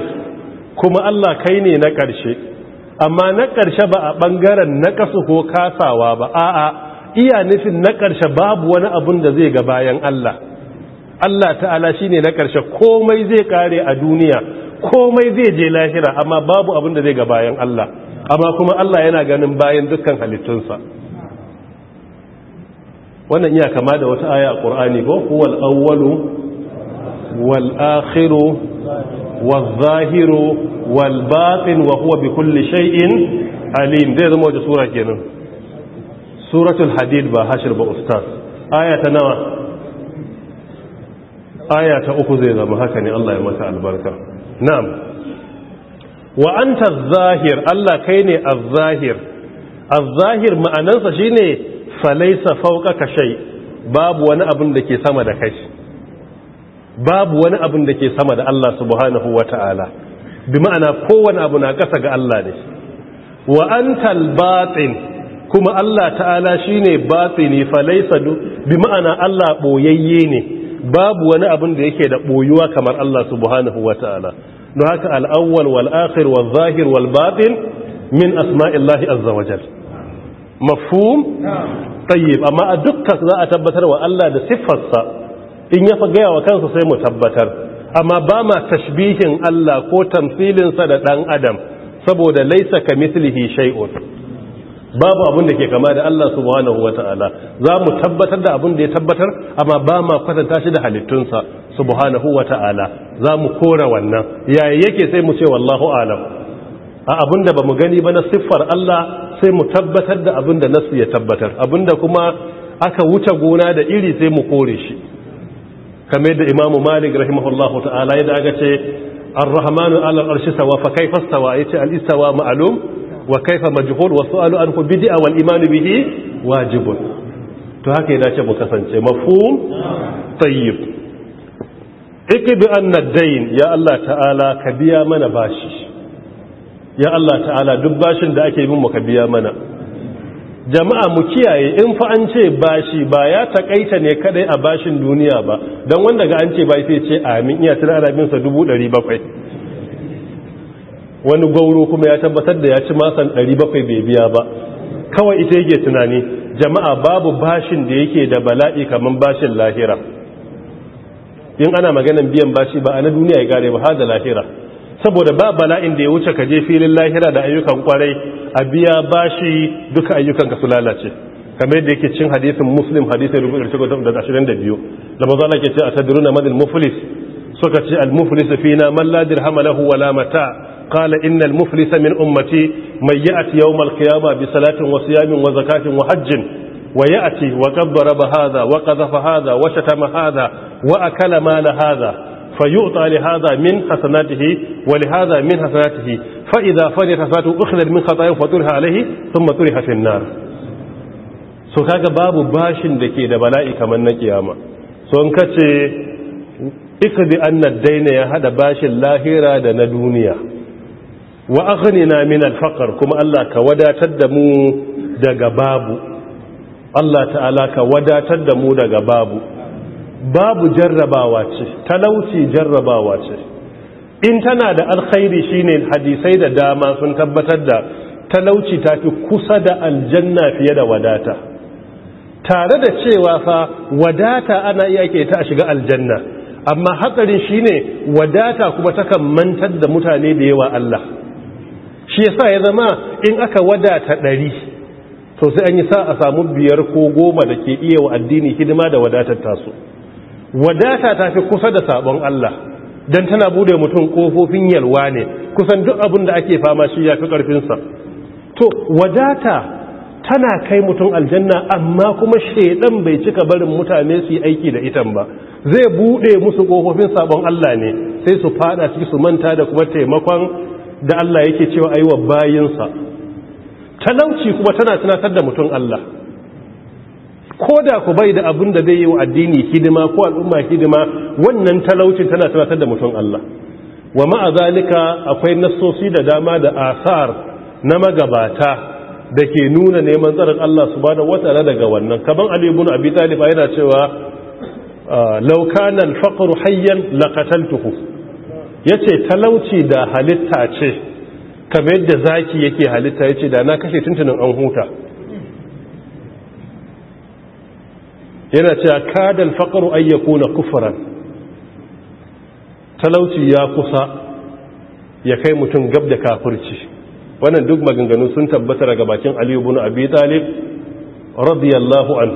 kuma Allah kai ne na ƙarshe amma na ƙarshe ba a ɓangaren na kasu ko kasawa ba a'a iya nufin na ƙarshe babu wani abin da zai ga bayan Allah Allah ta'ala shine na ƙarshe komai zai kare a duniya komai zai je lahira amma babu abin da zai ga bayan Allah amma kuma Allah yana ganin bayan dukkan halittunsa wannan iya kama da wata aya a ƙur'ani ko kuwal awwalu wal akhiru wal zahiru wal wa huwa bi kulli shay'in alim zai zama wata sura kenan suratul hadid ba hashir ba ustaz aya ta nawa aya ta uku zai zama haka ne Allah ya mata albarka na'am wa anta zahir Allah kai ne a zahir a zahir ma'anansa shine falaisa, fauka, shay babu wani abin da ke sama da kai babu wani abin da ke sama da Allah subhanahu wata'ala bi ma'ana kowane abu na kasa ga Allah ne wa batsin batin kuma Allah ta'ala shine batini falaisa bi ma'ana Allah boyayye ne babu wani abin da yake da boyuwa kamar Allah subhanahu wata'ala don haka al'awwal wal akhir wal zahir wal baɗin min asma'illahi azza wajal mafhum tayyib amma a dukka za a tabbatar wa Allah da siffarsa in ya fa gaya wa kansa sai mu tabbatar amma ba ma tashbihin Allah ko sa da ɗan adam saboda laisa ka mislihi shay'un babu abin da ke kama da Allah subhanahu ta'ala. za mu tabbatar da abin da ya tabbatar amma ba ma kwatanta shi da halittunsa subhanahu wata'ala ta'ala za mu kora wannan yaya yake sai mu ce wallahu alam a abinda ba mu gani ba na siffar Allah sai mu tabbatar da abinda nasu ya tabbatar abinda kuma aka wuce gona da iri sai mu kore shi kamar da imamu malik rahimahullahu ta'ala yadda aka ce ar-rahmanu ala al-arshi sawa fa kayfa istawa yace al-istawa ma'lum wa kayfa majhul wa su'alu anhu bid'a wal iman bihi wajibun to haka ya dace mu kasance mafhum tayyib ikidu anna dayn ya Allah ta'ala ka biya mana bashi ya Allah ta'ala duk bashin da ake bin mu ka biya mana jama'a mu kiyaye in fa an ce bashi ba ya takaita ne kadai a bashin duniya ba dan wanda ga an ce bai sai ce amin iya tana ana sa 1700 wani gauro kuma ya tabbatar da ya ci masan 700 bai biya ba kawai ita yake tunani jama'a babu bashin da yake da bala'i kamar bashin lahira in ana maganan biyan bashi ba a na duniya ya kare ba har da lahira saboda ba bala'in da ya wuce ka je filin lahira da ayyukan kwarai a biya bashi duka ayyukan ka su lalace kamar yadda yake cin hadisin muslim hadisin rubu da ashirin da biyu maza ke ce a tadiruna madil muflis suka ce al muflis fina man la dirhama lahu wala mata qala innal muflisa min ummati mai yi yawm al qiyamah bi salatin wasu yamin wa zakatin wa hajjin ويأتي وقد ضرب هذا وقذف هذا وشتم هذا وأكل مال هذا فيعطى لهذا من حسناته ولهذا من حسناته فإذا فنيت حسناته أخذت من خطايا فترها عليه ثم ترها في النار so kaga babu bashin da ke da bala'i kamar na kiyama so in kace ikdi annad daina ya haɗa bashin lahira da na duniya wa aghnina min al kuma Allah ka wadatar da mu daga babu Allah ta'ala ka wadatar da mu daga babu babu jarrabawa ce talauci jarrabawa ce in tana da alkhairi shine hadisai da dama sun tabbatar da talauci ta fi kusa da aljanna fiye da wadata tare da cewa fa wadata ana iya ke ta shiga aljanna amma hatsarin shine wadata kuma takan mantar da mutane da yawa Allah shi yasa ya zama in aka wadata ɗari so sai an yi sa a samu biyar ko goma da ke iya wa addini hidima da wadatar taso wadata ta fi kusa da sabon Allah don tana bude mutum kofofin yalwa ne kusan duk abin da ake fama shi ya fi ƙarfinsa to wadata tana kai mutum aljanna amma kuma shaidan bai cika barin mutane su yi aiki da itan ba zai bude musu kofofin sabon Allah ne sai su fada ciki su manta da kuma taimakon da Allah yake cewa ayi wa bayinsa talauci kuma tana tunatar da mutum Allah ko da ku bai da abin da zai yi wa addini hidima ko al'umma hidima wannan talaucin tana tunatar da mutum Allah wa ma'azalika akwai nassosi da dama da asar na magabata da ke nuna neman tsarin Allah su ba wata wataala daga wannan kaban alibun Abi Talib yana cewa ah, laukanan fakar al-faqru hayyan laqataltuhu yace talauci da halitta ce kamar yadda zaki yake halitta ya ce da na kashe tuntunin an huta yana cewa kadal faƙaru na kufuran talauci ya kusa ya kai mutum gab da kafirci wannan duk maganganu sun tabbata daga bakin aliyu bin abi talib radiyallahu an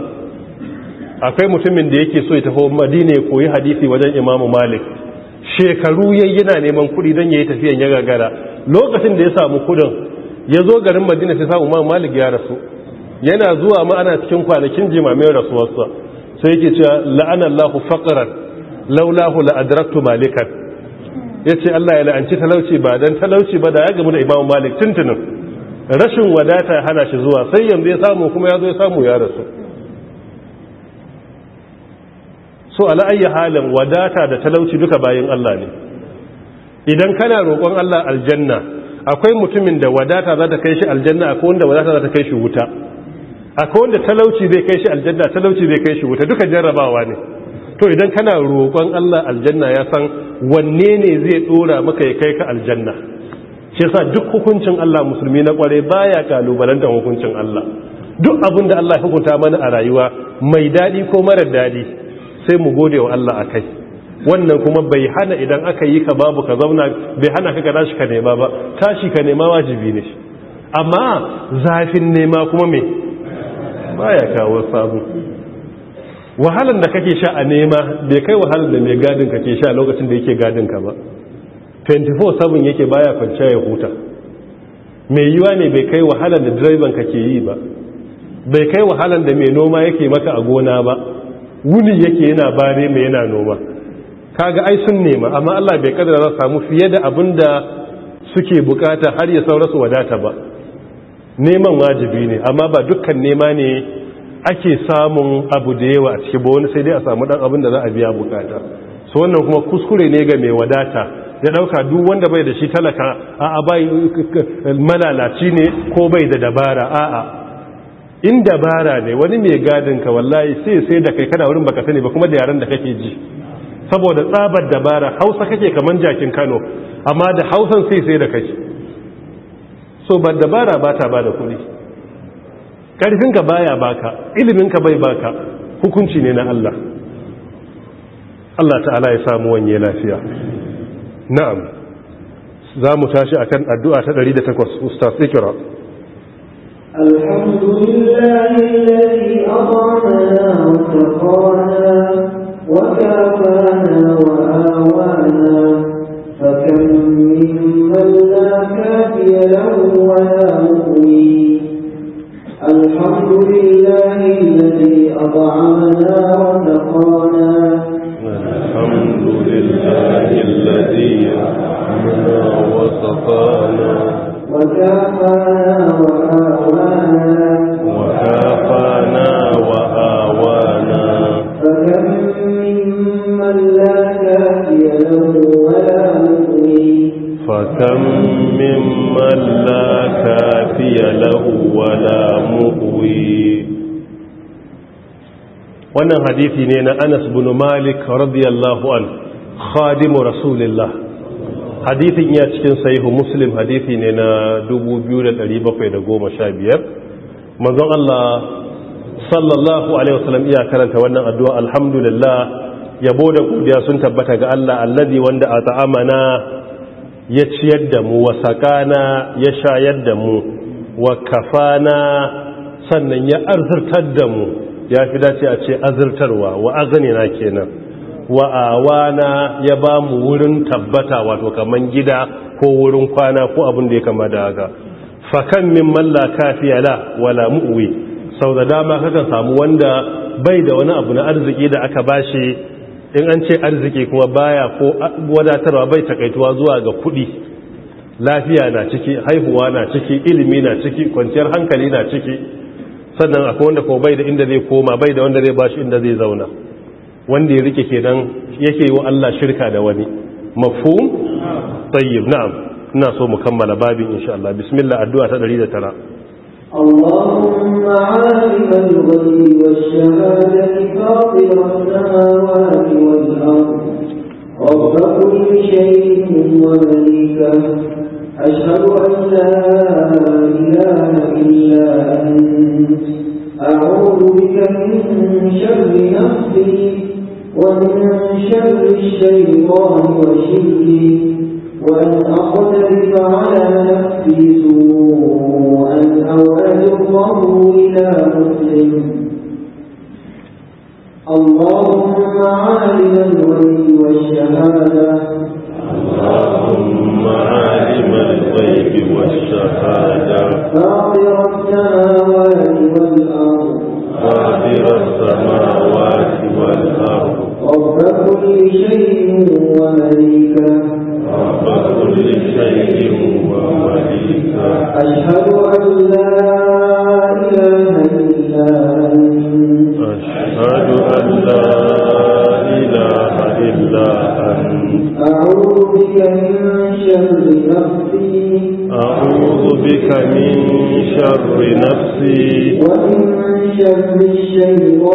akwai mutumin da yake so ya tafi madina ya koyi hadisi wajen imamu malik shekaru yayi yana neman kuɗi don ya yi tafiyan ya gagara lokacin da ya samu kudin ya zo garin madina sai samu ma malik ya rasu yana zuwa ma ana cikin kwanakin jimamin rasuwarsa sai yake cewa la'ana Allahu faƙarar laulahu la malikan. Ya ce Allah ya la'anci talauci ba don talauci ba da ya gamu da imamu Malik tuntunin rashin wadata ya hana shi zuwa sai yanzu ya samu kuma ya zo ya samu ya rasu so ala halin wadata da talauci duka bayan Allah ne idan kana roƙon Allah aljanna akwai mutumin da wadata za ta kai shi aljanna akwai wanda wadata za ta kai shi wuta akwai wanda talauci zai kai shi aljanna talauci zai kai shi wuta duka jarrabawa ne to idan kana roƙon Allah aljanna ya san wanne ne zai dora maka ya kai ka aljanna shi yasa duk hukuncin Allah musulmi na kware baya kalubalantar hukuncin Allah duk abin da Allah ya hukunta mana a rayuwa mai daɗi ko mara daɗi, sai mu gode wa Allah akai wannan kuma bai hana idan aka yi ka babu ka zauna bai hana ka ka tashi ka nema ba tashi ka nema wajibi ne shi amma zafin nema kuma me baya kawo sabu wahalan da kake sha a nema bai kai wahalan da mai gadin ka ke sha lokacin da yake gadin ka ba 24 sabon yake baya kwanciya ya huta mai yiwa ne bai kai wahalar da direban ka ke yi ba bai kai wahalan da mai noma yake maka a gona ba wuni yake yana bare mai yana noma kaga ai sun nema amma Allah bai kadara za samu fiye da abin da suke bukata har ya saura su wadata ba neman wajibi ne amma ba dukkan nema ne ake samun abu da yawa a ciki ba wani sai dai a samu dan abin da za a biya bukata so wannan kuma kuskure ne ga mai wadata ya dauka duk wanda bai da shi talaka a'a bai malalaci ne ko bai da dabara a in dabara ne wani mai gadin ka wallahi sai sai da kai kana wurin baka sani ba kuma da yaran da kake ji saboda tsabar dabara hausa kake kamar jakin kano amma da hausan sai sai da kashi so ba dabara ba ta ba da kuɗi ƙarfinka baya baka ilimin ka bai baka hukunci ne na Allah Allah ta'ala ya samu wanye lafiya na'am za mu tashi a kan addu'a ta 108 ustaz ikra alhamdulillahi alladhi at'amana wa taqana وكافانا وآوانا فكم ممن لا كافي له ولا مؤوي الحمد لله الذي أطعمنا وسقانا الحمد لله الذي أطعمنا وسقانا وكافانا وآوانا وكافانا وآوانا لا كافي له ولا مغني فكم ممن لا كافي له ولا مغوي wannan hadithi ne na Anas bin Malik radiyallahu an khadimu rasulillah hadisin ya cikin sahihu muslim hadithi ne na 2715 manzon Allah sallallahu alaihi wasallam iya karanta wannan addu'a alhamdulillah yabo da godiya sun tabbata ga Allah allazi wanda a ta'amana ya ciyar da mu wa sakana ya shayar da mu wa kafana sannan ya arzurtar da mu ya fi dace a ce azurtarwa wa azanina kenan wa awana ya ba mu wurin tabbata wato kaman gida ko wurin kwana ko abin da ya kama da haka fakan min malla kafiya la wala mu'wi sau da dama kakan samu wanda bai da wani abu na arziki da aka bashi in an ce arziki kuma baya ko wadatarwa bai takaituwa zuwa ga kuɗi lafiya na ciki haihuwa na ciki ilimi na ciki kwanciyar hankali na ciki sannan akwai wanda ko bai da inda zai koma bai da wanda zai bashi inda zai zauna wanda ya rike kenan yake yi wa Allah shirka da wani mafhum tayyib na'am ina so mu kammala babin insha Allah bismillah addu'a ta 109 اللهم عالم الغيب والشهادة فاطر السماوات والأرض رب كل شيء ومليكه أشهد أن لا إله إلا أنت أعوذ بك من شر نفسي ومن شر الشيطان وشركه وأن أقترف على نفسي سوءا أو أجره إلى مسلم اللهم عالم الغيب والشهادة اللهم عالم الغيب والشهادة فاطر السماوات والأرض فاطر السماوات والأرض رب كل شيء ومليكه أشهد أن لا إله إلا أنت أشهد أن لا إلا أنت أعوذ بك من شر نفسي أعوذ بك من شر نفسي ومن شر الشيطان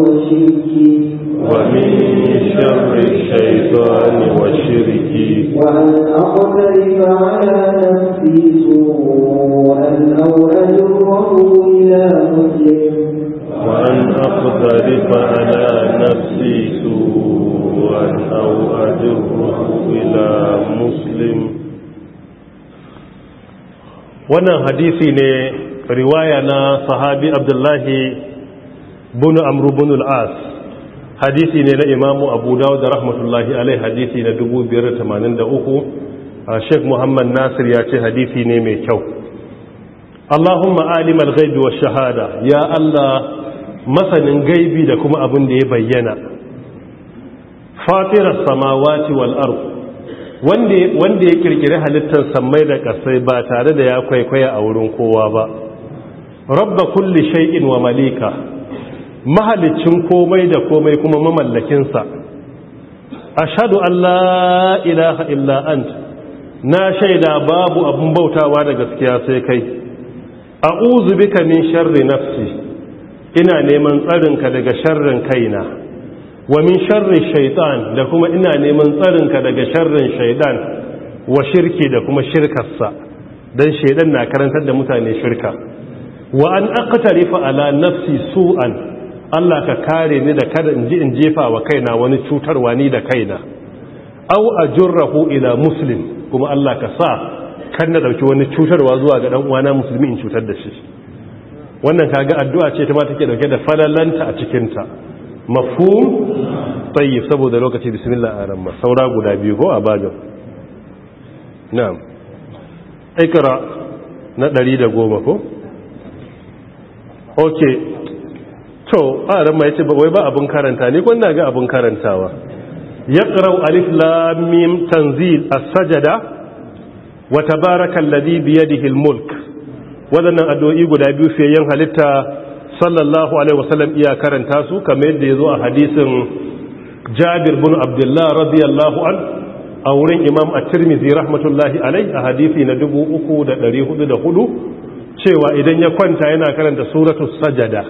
وشركي ومن شر الشيطان وأن أقترف على نفسي سوءا أو أجره إلى مسلم وأن أقترف على نفسي سوءا أو أجره إلى مسلم وانا حديثي ني روايانا صحابي عبد الله بن عمرو بن العاص حديثي ني الامام ابو داود رحمه الله عليه حديثي ن 283 آه، شيخ محمد ناصر يا شيخ حديثي ني مي كيو اللهم عالم الغيب والشهاده يا الله masanin gaibi da kuma abin da ya bayyana fatirar samawati wal ardu wanda ya kirkiri halittar sammai da ƙasai ba tare da ya kwaikwaya a wurin kowa ba rabba kulli shay'in wa malika mahalicin komai da komai kuma mamallakinsa ashhadu an la ilaha illa na shaida babu abun bautawa da gaskiya sai kai a'udhu bika min sharri nafsi ina neman tsarinka daga sharrin kaina wa min sharri shaitan da kuma ina neman tsarinka daga sharrin shaitan wa shirki da kuma shirkarsa don shaitan na karantar da mutane shirka wa an aqtarifa ala nafsi su'an Allah ka kare ni da kada inji in jefa wa kaina wani cutarwa ni da kaina aw ajurrahu ila muslim kuma Allah ka sa kan na dauki wani cutarwa zuwa ga dan uwana musulmi in cutar da shi wannan kaga addu'a ce ta ma take dauke da falalanta a cikinta mafhum tayyib saboda lokaci bismillah arama saura guda biyu ko a bajin na'am ikra na 110 ko okay to arama yace ba wai ba abun karanta ne ko ina ga abun karantawa yaqra'u alif lam mim tanzil as-sajda wa tabarakal ladhi bi yadihi al-mulk waɗannan addu'o'i guda biyu yan halitta sallallahu alaihi wasallam iya karanta su kamar yadda ya zo a hadisin jabir bin abdullah radiyallahu an a wurin imam a tirmizi rahmatullahi alai a hadisi na 3,404 cewa idan ya kwanta yana karanta suratu sajada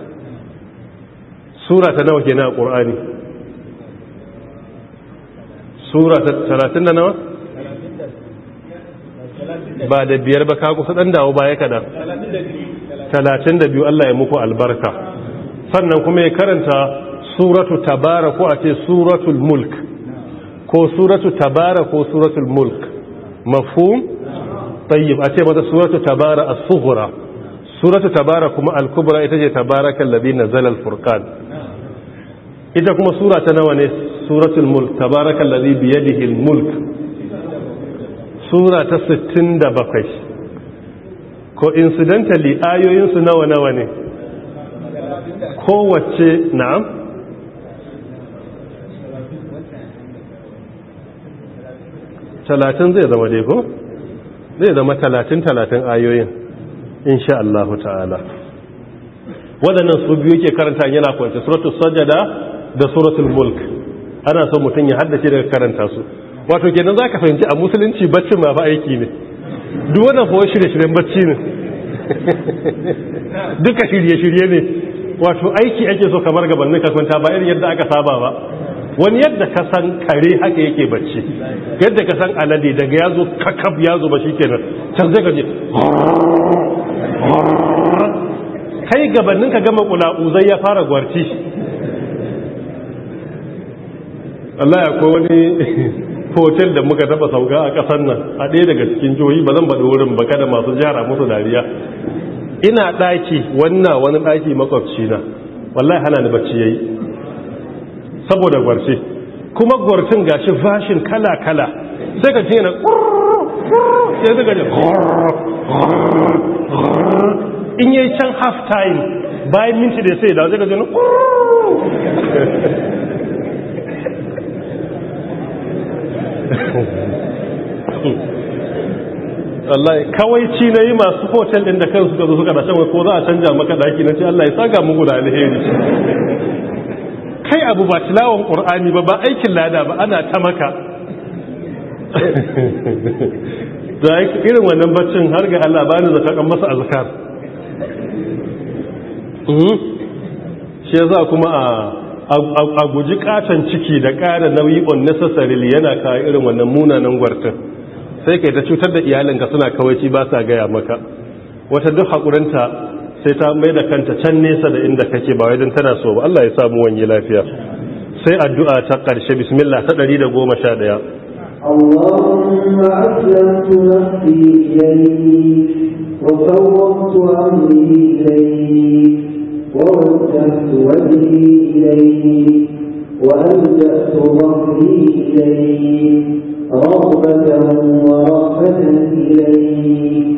sura ta nawa ke na ƙorani surata 30 nawa ba da biyar ba ka kusa ɗan dawo baya kadan 32 Allah ya muku albarka sannan kuma ya karanta suratu tabara ko a ce suratul mulk ko suratu tabara ko suratul mulk mafhum tayyib a ce mata suratu tabara as-sughra suratu tabara kuma al-kubra ita ce tabarakal ladhi nazala al-furqan ita kuma sura ta nawa ne suratul mulk tabarakal ladhi bi yadihi al-mulk sura ta 67 ko incidentally ayoyinsu nawa nawa ne kowace na'am talatin zai zama dai ko zai zama talatin talatin ayoyin insha Allah ta'ala waɗannan su biyu ke karanta yana kwanci suratul sajada da suratul mulk ana so mutum ya haddace daga karanta su wato kenan za ka fahimci a musulunci baccin ma fa aiki ne duk wannan fa shirye-shiryen bacci ne duka shirye-shirye ne wato aiki ake so kamar gabanin kasanta ba irin yadda aka saba ba wani yadda ka san kare haka yake bacci yadda ka san alade daga ya zo kakab ya zo ba shi kenan can zai gaji kai gabanin ka gama uzai ya fara gwarci Allah ya ko hotel da muka taba sauka a ƙasar nan a ɗaya daga cikin jihohi ba zan baɗi wurin ba kada masu jara musu dariya ina ɗaki wannan wani ɗaki makwabci na wallahi hana ni bacci yayi saboda gwarce kuma gwarcin shi fashin kala kala sai ka ce na sai suka in yi can half time bayan minti da sai da sai ka wallahi kawai ci na yi masu hotel ɗin da kansu ka zo suka da shan ko za a canja maka daki na ce Allah ya saga mugu da alheri kai abu ba tilawon ƙur'ani ba ba aikin lada ba ana ta maka da irin wannan baccin har ga Allah bani ni kan masa azkar mhm. shi yasa kuma a a guji katon ciki da ƙara nauyi on necessarily yana kawo irin wannan munanan gwartar sai kai ta cutar da iyalinka suna kawaici ba sa gaya maka wata duk haƙurinta sai ta mai da kanta can nesa da inda kake ba wajen tana so ba Allah ya samu wani lafiya sai addu'a ta ƙarshe bismillah ta 111 اللهم أسلمت نفسي إليك وفوضت ووجهت وجهي إليه وألجأت ظهري إليه رغبة ورغبة إليه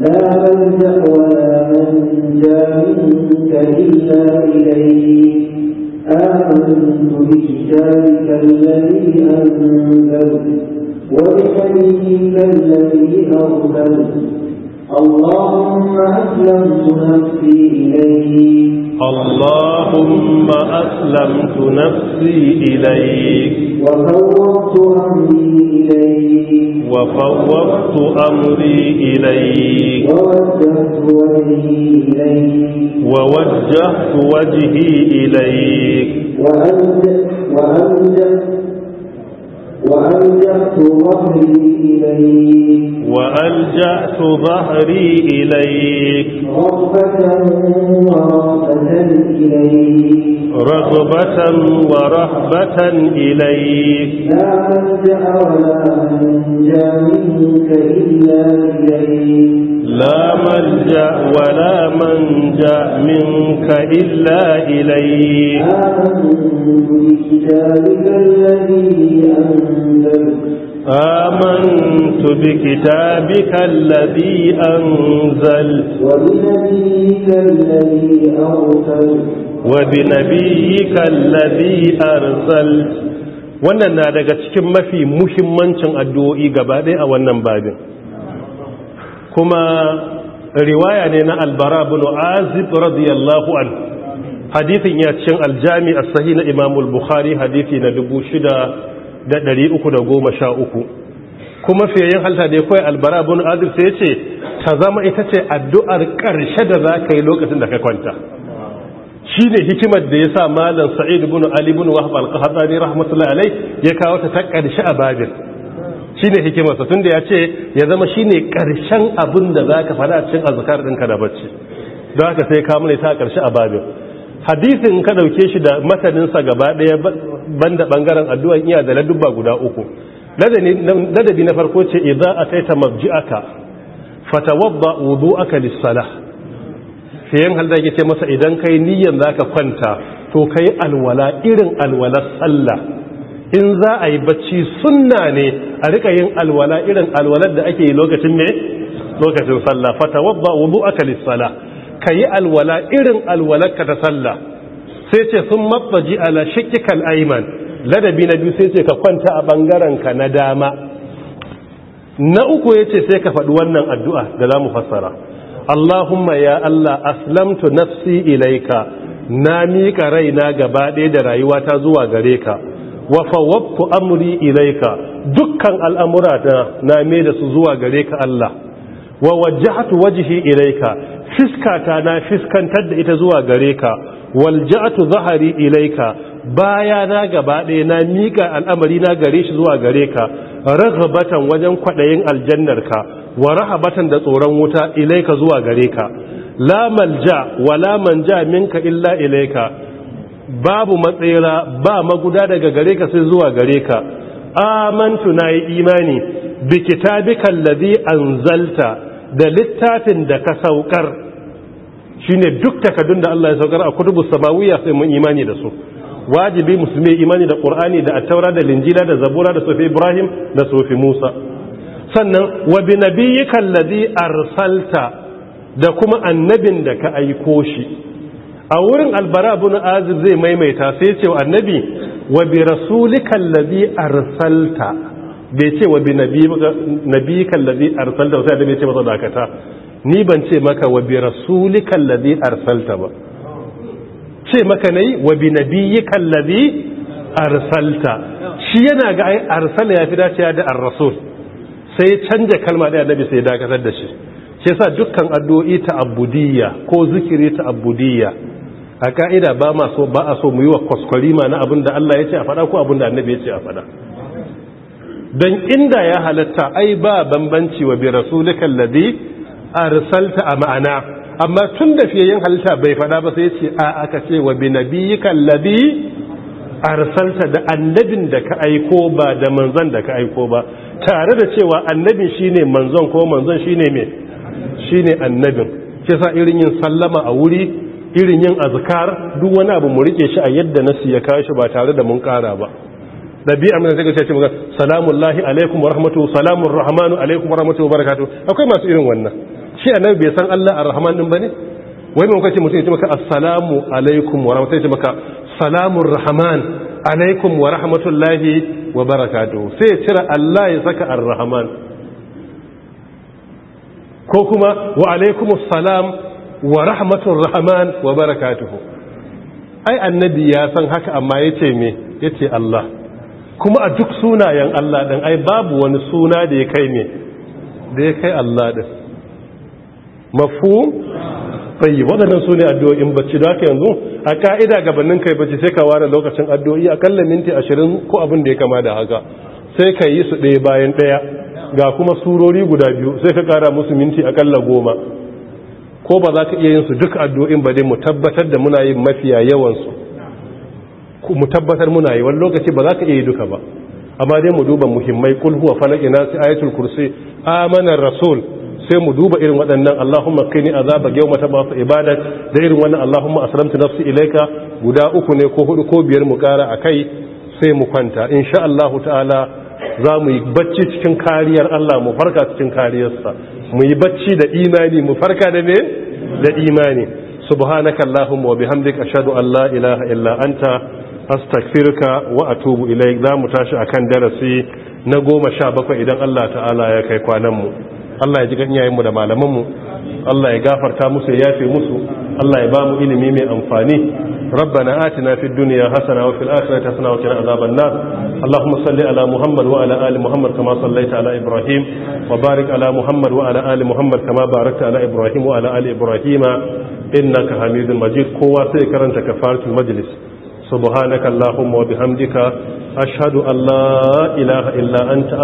لا ملجأ ولا منجا منك إلا إليه آمنت بكتابك الذي أنزلت وبحديثك الذي أرسلت اللهم أسلمت نفسي إليك اللهم أسلمت نفسي إليك وفوضت أمري إليك وفوضت أمري إليك ووجهت وجهي إليك ووجهت وجهي إليك وأنجزت وألجأت ظهري إليك وألجأت ظهري إليك رغبة ورهبة إليك رغبة ورهبة إليك لا ملجأ ولا منجا منك إلا إليك لا ملجأ ولا منجا منك إلا إليك آمنت بكتابك الذي أنزل آمنت بكتابك الذي أنزل وبنبيك الذي أرسل وبنبيك الذي أرسل wannan na daga cikin mafi muhimmancin addu'o'i gaba ɗaya a wannan babin kuma riwaya ne na albara bin azib radiyallahu an hadithin ya cikin aljami a sahi na imamul bukhari hadithi na shida. da ɗari uku da goma sha kuma halta da ya koya albara bin azir sai ce ta zama ita ce addu'ar ƙarshe da za ka yi lokacin da ka kwanta shi ne hikimar da ya sa malam sa'id bin ali bin wahab al rahmatullahi alai ya kawo ta ta ƙarshe a babin shi ne hikimarsa tun da ya ce ya zama shi ne ƙarshen abin da za ka faɗa a cikin azkar ɗinka da bacci don haka sai ka ta ƙarshe a babin hadisin ka ɗauke shi da masaninsa gaba ɗaya banda bangaren addu'a iya da ladubba guda uku ladabi na farko ce idza ataita mabji'aka fatawadda wudu'aka lis-salah yan halda yake ce masa idan kai niyyar zaka kwanta to kai alwala irin alwalar sallah in za a yi bacci sunna ne a rika yin alwala irin alwalar da ake yi lokacin ne lokacin sallah fatawadda wudu'aka lis-salah kayi alwala irin alwalarka ta sallah sai ce sun mafaji ala shikikal aiman ladabi na biyu sai ce ka kwanta a ɓangarenka na dama na uku ya ce sai ka faɗi wannan addu'a da za mu fassara Allahumma ya Allah aslamtu nafsi ilaika na miƙa raina gaba ɗaya da rayuwata zuwa gare ka wa fawwabtu amri ilaika dukkan al'amura na me da su zuwa gare ka Allah wa wajahatu wajihi ilaika fiskata na fiskantar da ita zuwa gare ka Waljatu zahari ilaika baya na gaba ɗaya na miƙa al'amari na gare shi zuwa gare ka Rahabatan wajen kwaɗayin ka wa rahabatan da tsoron wuta ilaika zuwa gare ka la malja wa manja minka illa ilaika babu matsayira ba maguda daga gare ka sai zuwa gare ka amantu na yi imani bi kitabikan ladhi anzalta da littafin da ka saukar shine duk takardun da Allah ya saukar a kutubus samawiyya sai mun imani da su wajibi musulmi imani da Ƙur'ani da attaura da linjila da zabura da sufi ibrahim da sufi musa sannan wa bi nabiyyika allazi arsalta da kuma annabin da ka aiko shi a wurin albara ibn azib zai maimaita sai ya ce wa annabi wa bi rasulika allazi arsalta bai ce wa bi nabiyyika allazi arsalta sai annabi ya ce masa dakata ni ban ce maka wa bi rasulika allazi arsalta ba ce maka nayi wa bi nabiyyika allazi arsalta shi yana ga ai arsala yafi dacewa da ar-rasul sai canja kalma da annabi sai dakatar da shi shi yasa dukkan addu'o'i ta abudiyya ko zikiri ta abudiyya a ka'ida ba ma so ba a so mu yi wa kwaskwarima na abin da Allah ya ce a faɗa ko abin da annabi ya ce a faɗa don inda ya halatta ai ba bambanci wa bi rasulika allazi arsalta a ma'ana amma tun da fiye yin halitta bai fada ba sai ce a aka ce wa bi nabiyika kallabi arsalta da annabin da ka aiko ba da manzan da ka aiko ba tare da cewa annabin shine manzan ko ne shine me shine annabin kisa irin yin sallama a wuri irin yin azkar duk wani abu mu rike shi a yadda nasu ya kawo shi ba tare da mun kara ba nabi mun da take cewa salamun lahi alaikum wa rahmatuhu salamun rahmanu alaikum wa rahmatuhu barakatuh akwai masu irin wannan shi annabi bai san Allah ar-rahman ba ne? wai ma kace mutum ya ce maka assalamu alaikum wa rahmatu ya ce maka salamun rahman alaikum wa rahmatullahi wa barakatuh sai ya cira Allah ya saka ar-rahman ko kuma wa alaikum salam wa rahmatun rahman wa barakatuh ai annabi ya san haka amma yace me yace Allah kuma a duk sunayen Allah ɗin ai babu wani suna da ya kai ne da ya kai Allah ɗin mafu tsayi waɗannan su ne addu'o'in bacci da haka yanzu a ka'ida gabanin kai bacci sai ka ware lokacin addu'o'i akalla minti ashirin ko abin da ya kama da haka sai ka yi su ɗaya bayan ɗaya ga kuma surori guda biyu sai ka ƙara musu minti kalla goma ko ba za ka iya yin su duk addu'o'in ba dai mu tabbatar da muna yin mafiya yawansu mu tabbatar muna yi wani lokaci ba za ka iya yi duka ba amma dai mu duba muhimmai kulhuwa huwa falaq ina ayatul kursi amanar rasul sai mu duba irin waɗannan Allahumma qini azaba ba su ibadat da irin wannan Allahumma asramtu nafsi ilayka guda uku ne ko hudu ko biyar mu kara akai sai mu kwanta insha Allah ta'ala za mu yi bacci cikin kariyar Allah mu farka cikin kariyarsa mu yi bacci da imani mu farka da me da imani subhanaka allahumma wa bihamdika ashhadu an la ilaha illa anta astaghfiruka wa atubu ilayk za mu tashi akan darasi na goma sha bakwai idan Allah ta'ala ya kai kwanan mu Allah ya ji ganyayenmu da mu. Allah ya gafarta musu ya yafe musu Allah ya ba mu ilimi mai amfani rabbana atina fid dunya hasana wa fil azaban nar allahumma salli ala muhammad ibrahima innaka hamidul majid kowa sai karanta kafaratul majlis subhanaka ashhadu an la ilaha illa anta